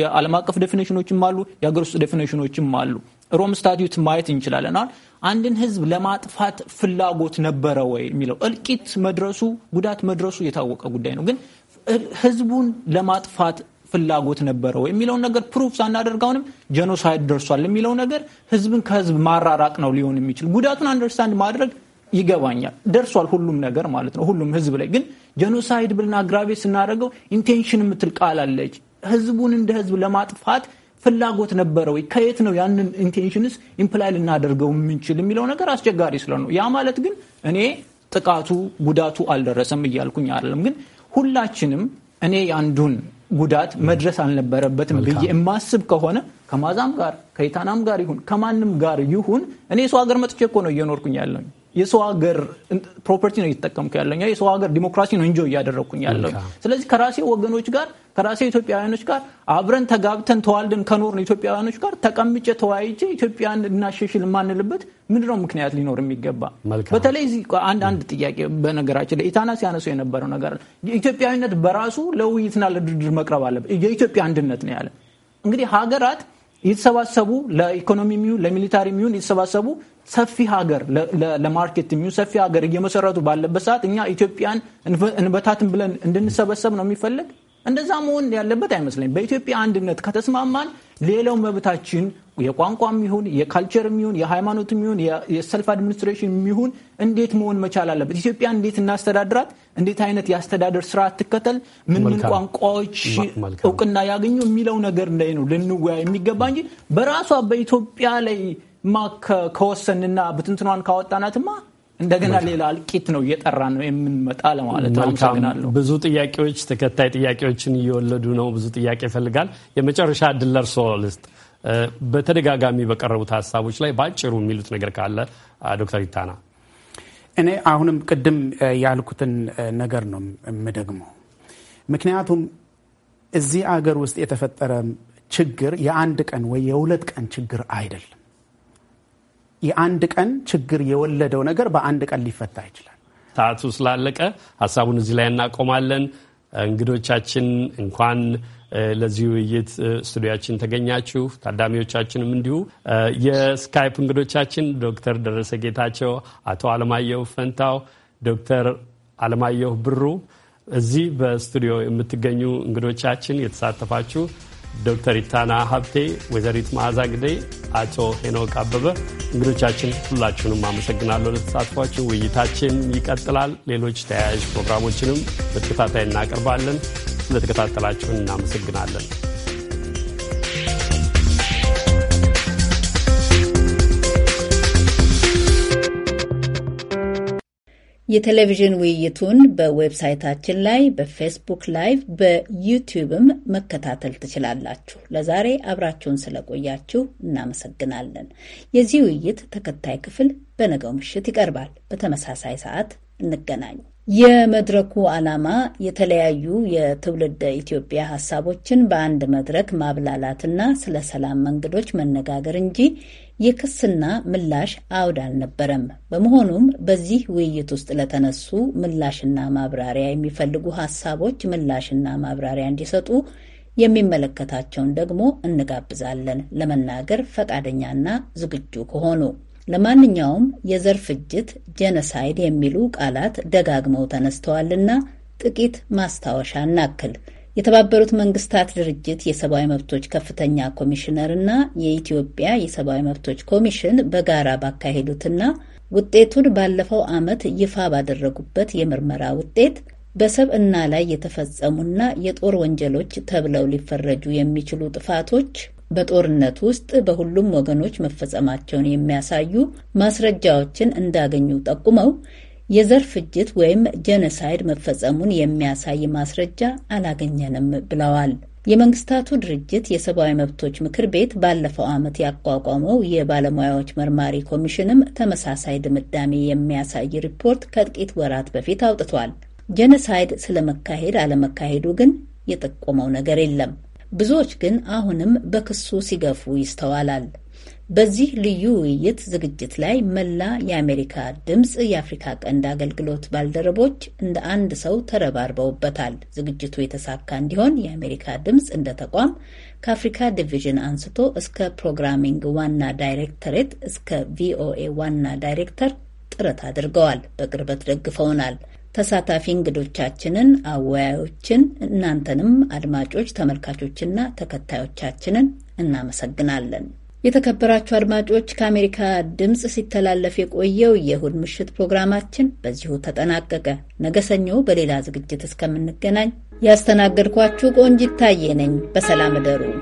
Speaker 11: የዓለም አቀፍ ዴፊኔሽኖችም አሉ፣ የሀገር ውስጥ ዴፊኔሽኖችም አሉ። ሮም ስታቲዩት ማየት እንችላለን። አሁን አንድን ህዝብ ለማጥፋት ፍላጎት ነበረ ወይ የሚለው እልቂት መድረሱ ጉዳት መድረሱ የታወቀ ጉዳይ ነው። ግን ህዝቡን ለማጥፋት ፍላጎት ነበረ ወይ የሚለውን ነገር ፕሩፍ ሳናደርግ አሁንም ጄኖሳይድ ደርሷል የሚለው ነገር ህዝብን ከህዝብ ማራራቅ ነው ሊሆን የሚችል ጉዳቱን አንደርስታንድ ማድረግ ይገባኛል። ደርሷል ሁሉም ነገር ማለት ነው ሁሉም ህዝብ ላይ ግን ጀኖሳይድ ብልና አግራቤ ስናደርገው ኢንቴንሽን የምትል ቃል አለች። ህዝቡን እንደ ህዝብ ለማጥፋት ፍላጎት ነበረ ወይ? ከየት ነው ያንን ኢንቴንሽንስ ኢምፕላይ ልናደርገው የምንችል የሚለው ነገር አስቸጋሪ ስለነው። ያ ማለት ግን እኔ ጥቃቱ ጉዳቱ አልደረሰም እያልኩኝ አይደለም። ግን ሁላችንም እኔ ያንዱን ጉዳት መድረስ አልነበረበትም ብዬ የማስብ ከሆነ ከማዛም ጋር ከይታናም ጋር ይሁን ከማንም ጋር ይሁን እኔ ሰው ሀገር መጥቼ እኮ ነው እየኖርኩኝ ያለኝ የሰው ሀገር ፕሮፐርቲ ነው እየተጠቀምኩ ያለኝ የሰው ሀገር ዲሞክራሲ ነው እንጆ እያደረግኩኝ ያለው። ስለዚህ ከራሴ ወገኖች ጋር ከራሴ ኢትዮጵያውያኖች ጋር አብረን ተጋብተን ተዋልደን ከኖርን ኢትዮጵያውያኖች ጋር ተቀምጬ ተወያይቼ ኢትዮጵያን እናሸሽል የማንልበት ምንድነው ምክንያት ሊኖር የሚገባ በተለይ እዚህ አንድ አንድ ጥያቄ በነገራችን ላይ ኢታና ሲያነሱ የነበረው ነገር ኢትዮጵያዊነት በራሱ ለውይይትና ለድርድር መቅረብ አለበት። የኢትዮጵያ አንድነት ነው ያለ እንግዲህ ሀገራት የተሰባሰቡ ለኢኮኖሚ የሚሆን ለሚሊታሪ የሚሆን የተሰባሰቡ ሰፊ ሀገር ለማርኬት የሚሆን ሰፊ ሀገር እየመሰረቱ ባለበት ሰዓት እኛ ኢትዮጵያን እንበታትን ብለን እንድንሰበሰብ ነው የሚፈልግ? እንደዛ መሆን ያለበት አይመስለኝ። በኢትዮጵያ አንድነት ከተስማማን ሌላው መብታችን የቋንቋም ይሁን የካልቸርም ይሁን የሃይማኖትም ይሁን የሰልፍ አድሚኒስትሬሽን ይሁን እንዴት መሆን መቻል አለበት። ኢትዮጵያ እንዴት እናስተዳድራት፣ እንዴት አይነት የአስተዳደር ስርዓት ትከተል፣ ምን ምን ቋንቋዎች እውቅና ያገኙ የሚለው ነገር ላይ ነው ልንወያ የሚገባ እንጂ በራሷ በኢትዮጵያ ላይ ማ ከወሰንና ብትንትኗን ካወጣናትማ እንደገና ሌላ አልቂት ነው እየጠራ ነው የምንመጣ ለማለት ነው።
Speaker 4: ብዙ ጥያቄዎች ተከታይ ጥያቄዎችን እየወለዱ ነው። ብዙ ጥያቄ ይፈልጋል። የመጨረሻ እድል ለእርስዎ ልስጥ። በተደጋጋሚ በቀረቡት ሀሳቦች ላይ በአጭሩ የሚሉት ነገር ካለ ዶክተር ይታና።
Speaker 9: እኔ አሁንም ቅድም ያልኩትን ነገር ነው የምደግመው። ምክንያቱም እዚህ አገር ውስጥ የተፈጠረ ችግር የአንድ ቀን ወይ የሁለት ቀን ችግር አይደለም። የአንድ ቀን ችግር የወለደው ነገር በአንድ ቀን ሊፈታ ይችላል።
Speaker 4: ሰዓቱ ስላለቀ ሀሳቡን እዚህ ላይ እናቆማለን። እንግዶቻችን እንኳን ለዚህ ውይይት ስቱዲያችን ተገኛችሁ፣ ታዳሚዎቻችንም እንዲሁ። የስካይፕ እንግዶቻችን ዶክተር ደረሰ ጌታቸው፣ አቶ አለማየሁ ፈንታው፣ ዶክተር አለማየሁ ብሩ፣ እዚህ በስቱዲዮ የምትገኙ እንግዶቻችን የተሳተፋችሁ ዶክተር ኢታና ሀብቴ፣ ወይዘሪት መዓዛ ግዴ፣ አቶ ሄኖክ አበበ እንግዶቻችን ሁላችሁንም አመሰግናለሁ ለተሳትፏችሁ። ውይይታችን ይቀጥላል። ሌሎች ተያያዥ ፕሮግራሞችንም በተከታታይ እናቀርባለን። ስለተከታተላችሁን እናመሰግናለን።
Speaker 1: የቴሌቪዥን ውይይቱን በዌብሳይታችን ላይ በፌስቡክ ላይቭ በዩቲዩብም መከታተል ትችላላችሁ። ለዛሬ አብራችሁን ስለቆያችሁ እናመሰግናለን። የዚህ ውይይት ተከታይ ክፍል በነገው ምሽት ይቀርባል። በተመሳሳይ ሰዓት እንገናኝ። የመድረኩ ዓላማ የተለያዩ የትውልደ ኢትዮጵያ ሀሳቦችን በአንድ መድረክ ማብላላትና ስለ ሰላም መንገዶች መነጋገር እንጂ የክስና ምላሽ አውድ አልነበረም። በመሆኑም በዚህ ውይይት ውስጥ ለተነሱ ምላሽና ማብራሪያ የሚፈልጉ ሀሳቦች ምላሽና ማብራሪያ እንዲሰጡ የሚመለከታቸውን ደግሞ እንጋብዛለን ለመናገር ፈቃደኛና ዝግጁ ከሆኑ። ለማንኛውም የዘር ፍጅት፣ ጄነሳይድ የሚሉ ቃላት ደጋግመው ተነስተዋልና ጥቂት ማስታወሻ እናክል። የተባበሩት መንግስታት ድርጅት የሰብአዊ መብቶች ከፍተኛ ኮሚሽነር እና የኢትዮጵያ የሰብአዊ መብቶች ኮሚሽን በጋራ ባካሄዱትና ውጤቱን ባለፈው ዓመት ይፋ ባደረጉበት የምርመራ ውጤት በሰብዕና ላይ የተፈጸሙና የጦር ወንጀሎች ተብለው ሊፈረጁ የሚችሉ ጥፋቶች በጦርነት ውስጥ በሁሉም ወገኖች መፈጸማቸውን የሚያሳዩ ማስረጃዎችን እንዳገኙ ጠቁመው የዘር ፍጅት ወይም ጀነሳይድ መፈጸሙን የሚያሳይ ማስረጃ አላገኘንም ብለዋል። የመንግስታቱ ድርጅት የሰብአዊ መብቶች ምክር ቤት ባለፈው ዓመት ያቋቋመው የባለሙያዎች መርማሪ ኮሚሽንም ተመሳሳይ ድምዳሜ የሚያሳይ ሪፖርት ከጥቂት ወራት በፊት አውጥቷል። ጄኖሳይድ ስለመካሄድ አለመካሄዱ ግን የጠቆመው ነገር የለም። ብዙዎች ግን አሁንም በክሱ ሲገፉ ይስተዋላል። በዚህ ልዩ ውይይት ዝግጅት ላይ መላ የአሜሪካ ድምፅ የአፍሪካ ቀንድ አገልግሎት ባልደረቦች እንደ አንድ ሰው ተረባርበውበታል። ዝግጅቱ የተሳካ እንዲሆን የአሜሪካ ድምፅ እንደ ተቋም ከአፍሪካ ዲቪዥን አንስቶ እስከ ፕሮግራሚንግ ዋና ዳይሬክተሬት እስከ ቪኦኤ ዋና ዳይሬክተር ጥረት አድርገዋል። በቅርበት ደግፈውናል። ተሳታፊ እንግዶቻችንን፣ አወያዮችን፣ እናንተንም አድማጮች፣ ተመልካቾችና ተከታዮቻችንን እናመሰግናለን። የተከበራችሁ አድማጮች ከአሜሪካ ድምፅ ሲተላለፍ የቆየው የእሁድ ምሽት ፕሮግራማችን በዚሁ ተጠናቀቀ። ነገ ሰኞ በሌላ ዝግጅት እስከምንገናኝ ያስተናገድኳችሁ ቆንጂት ታዬ ነኝ። በሰላም እደሩ።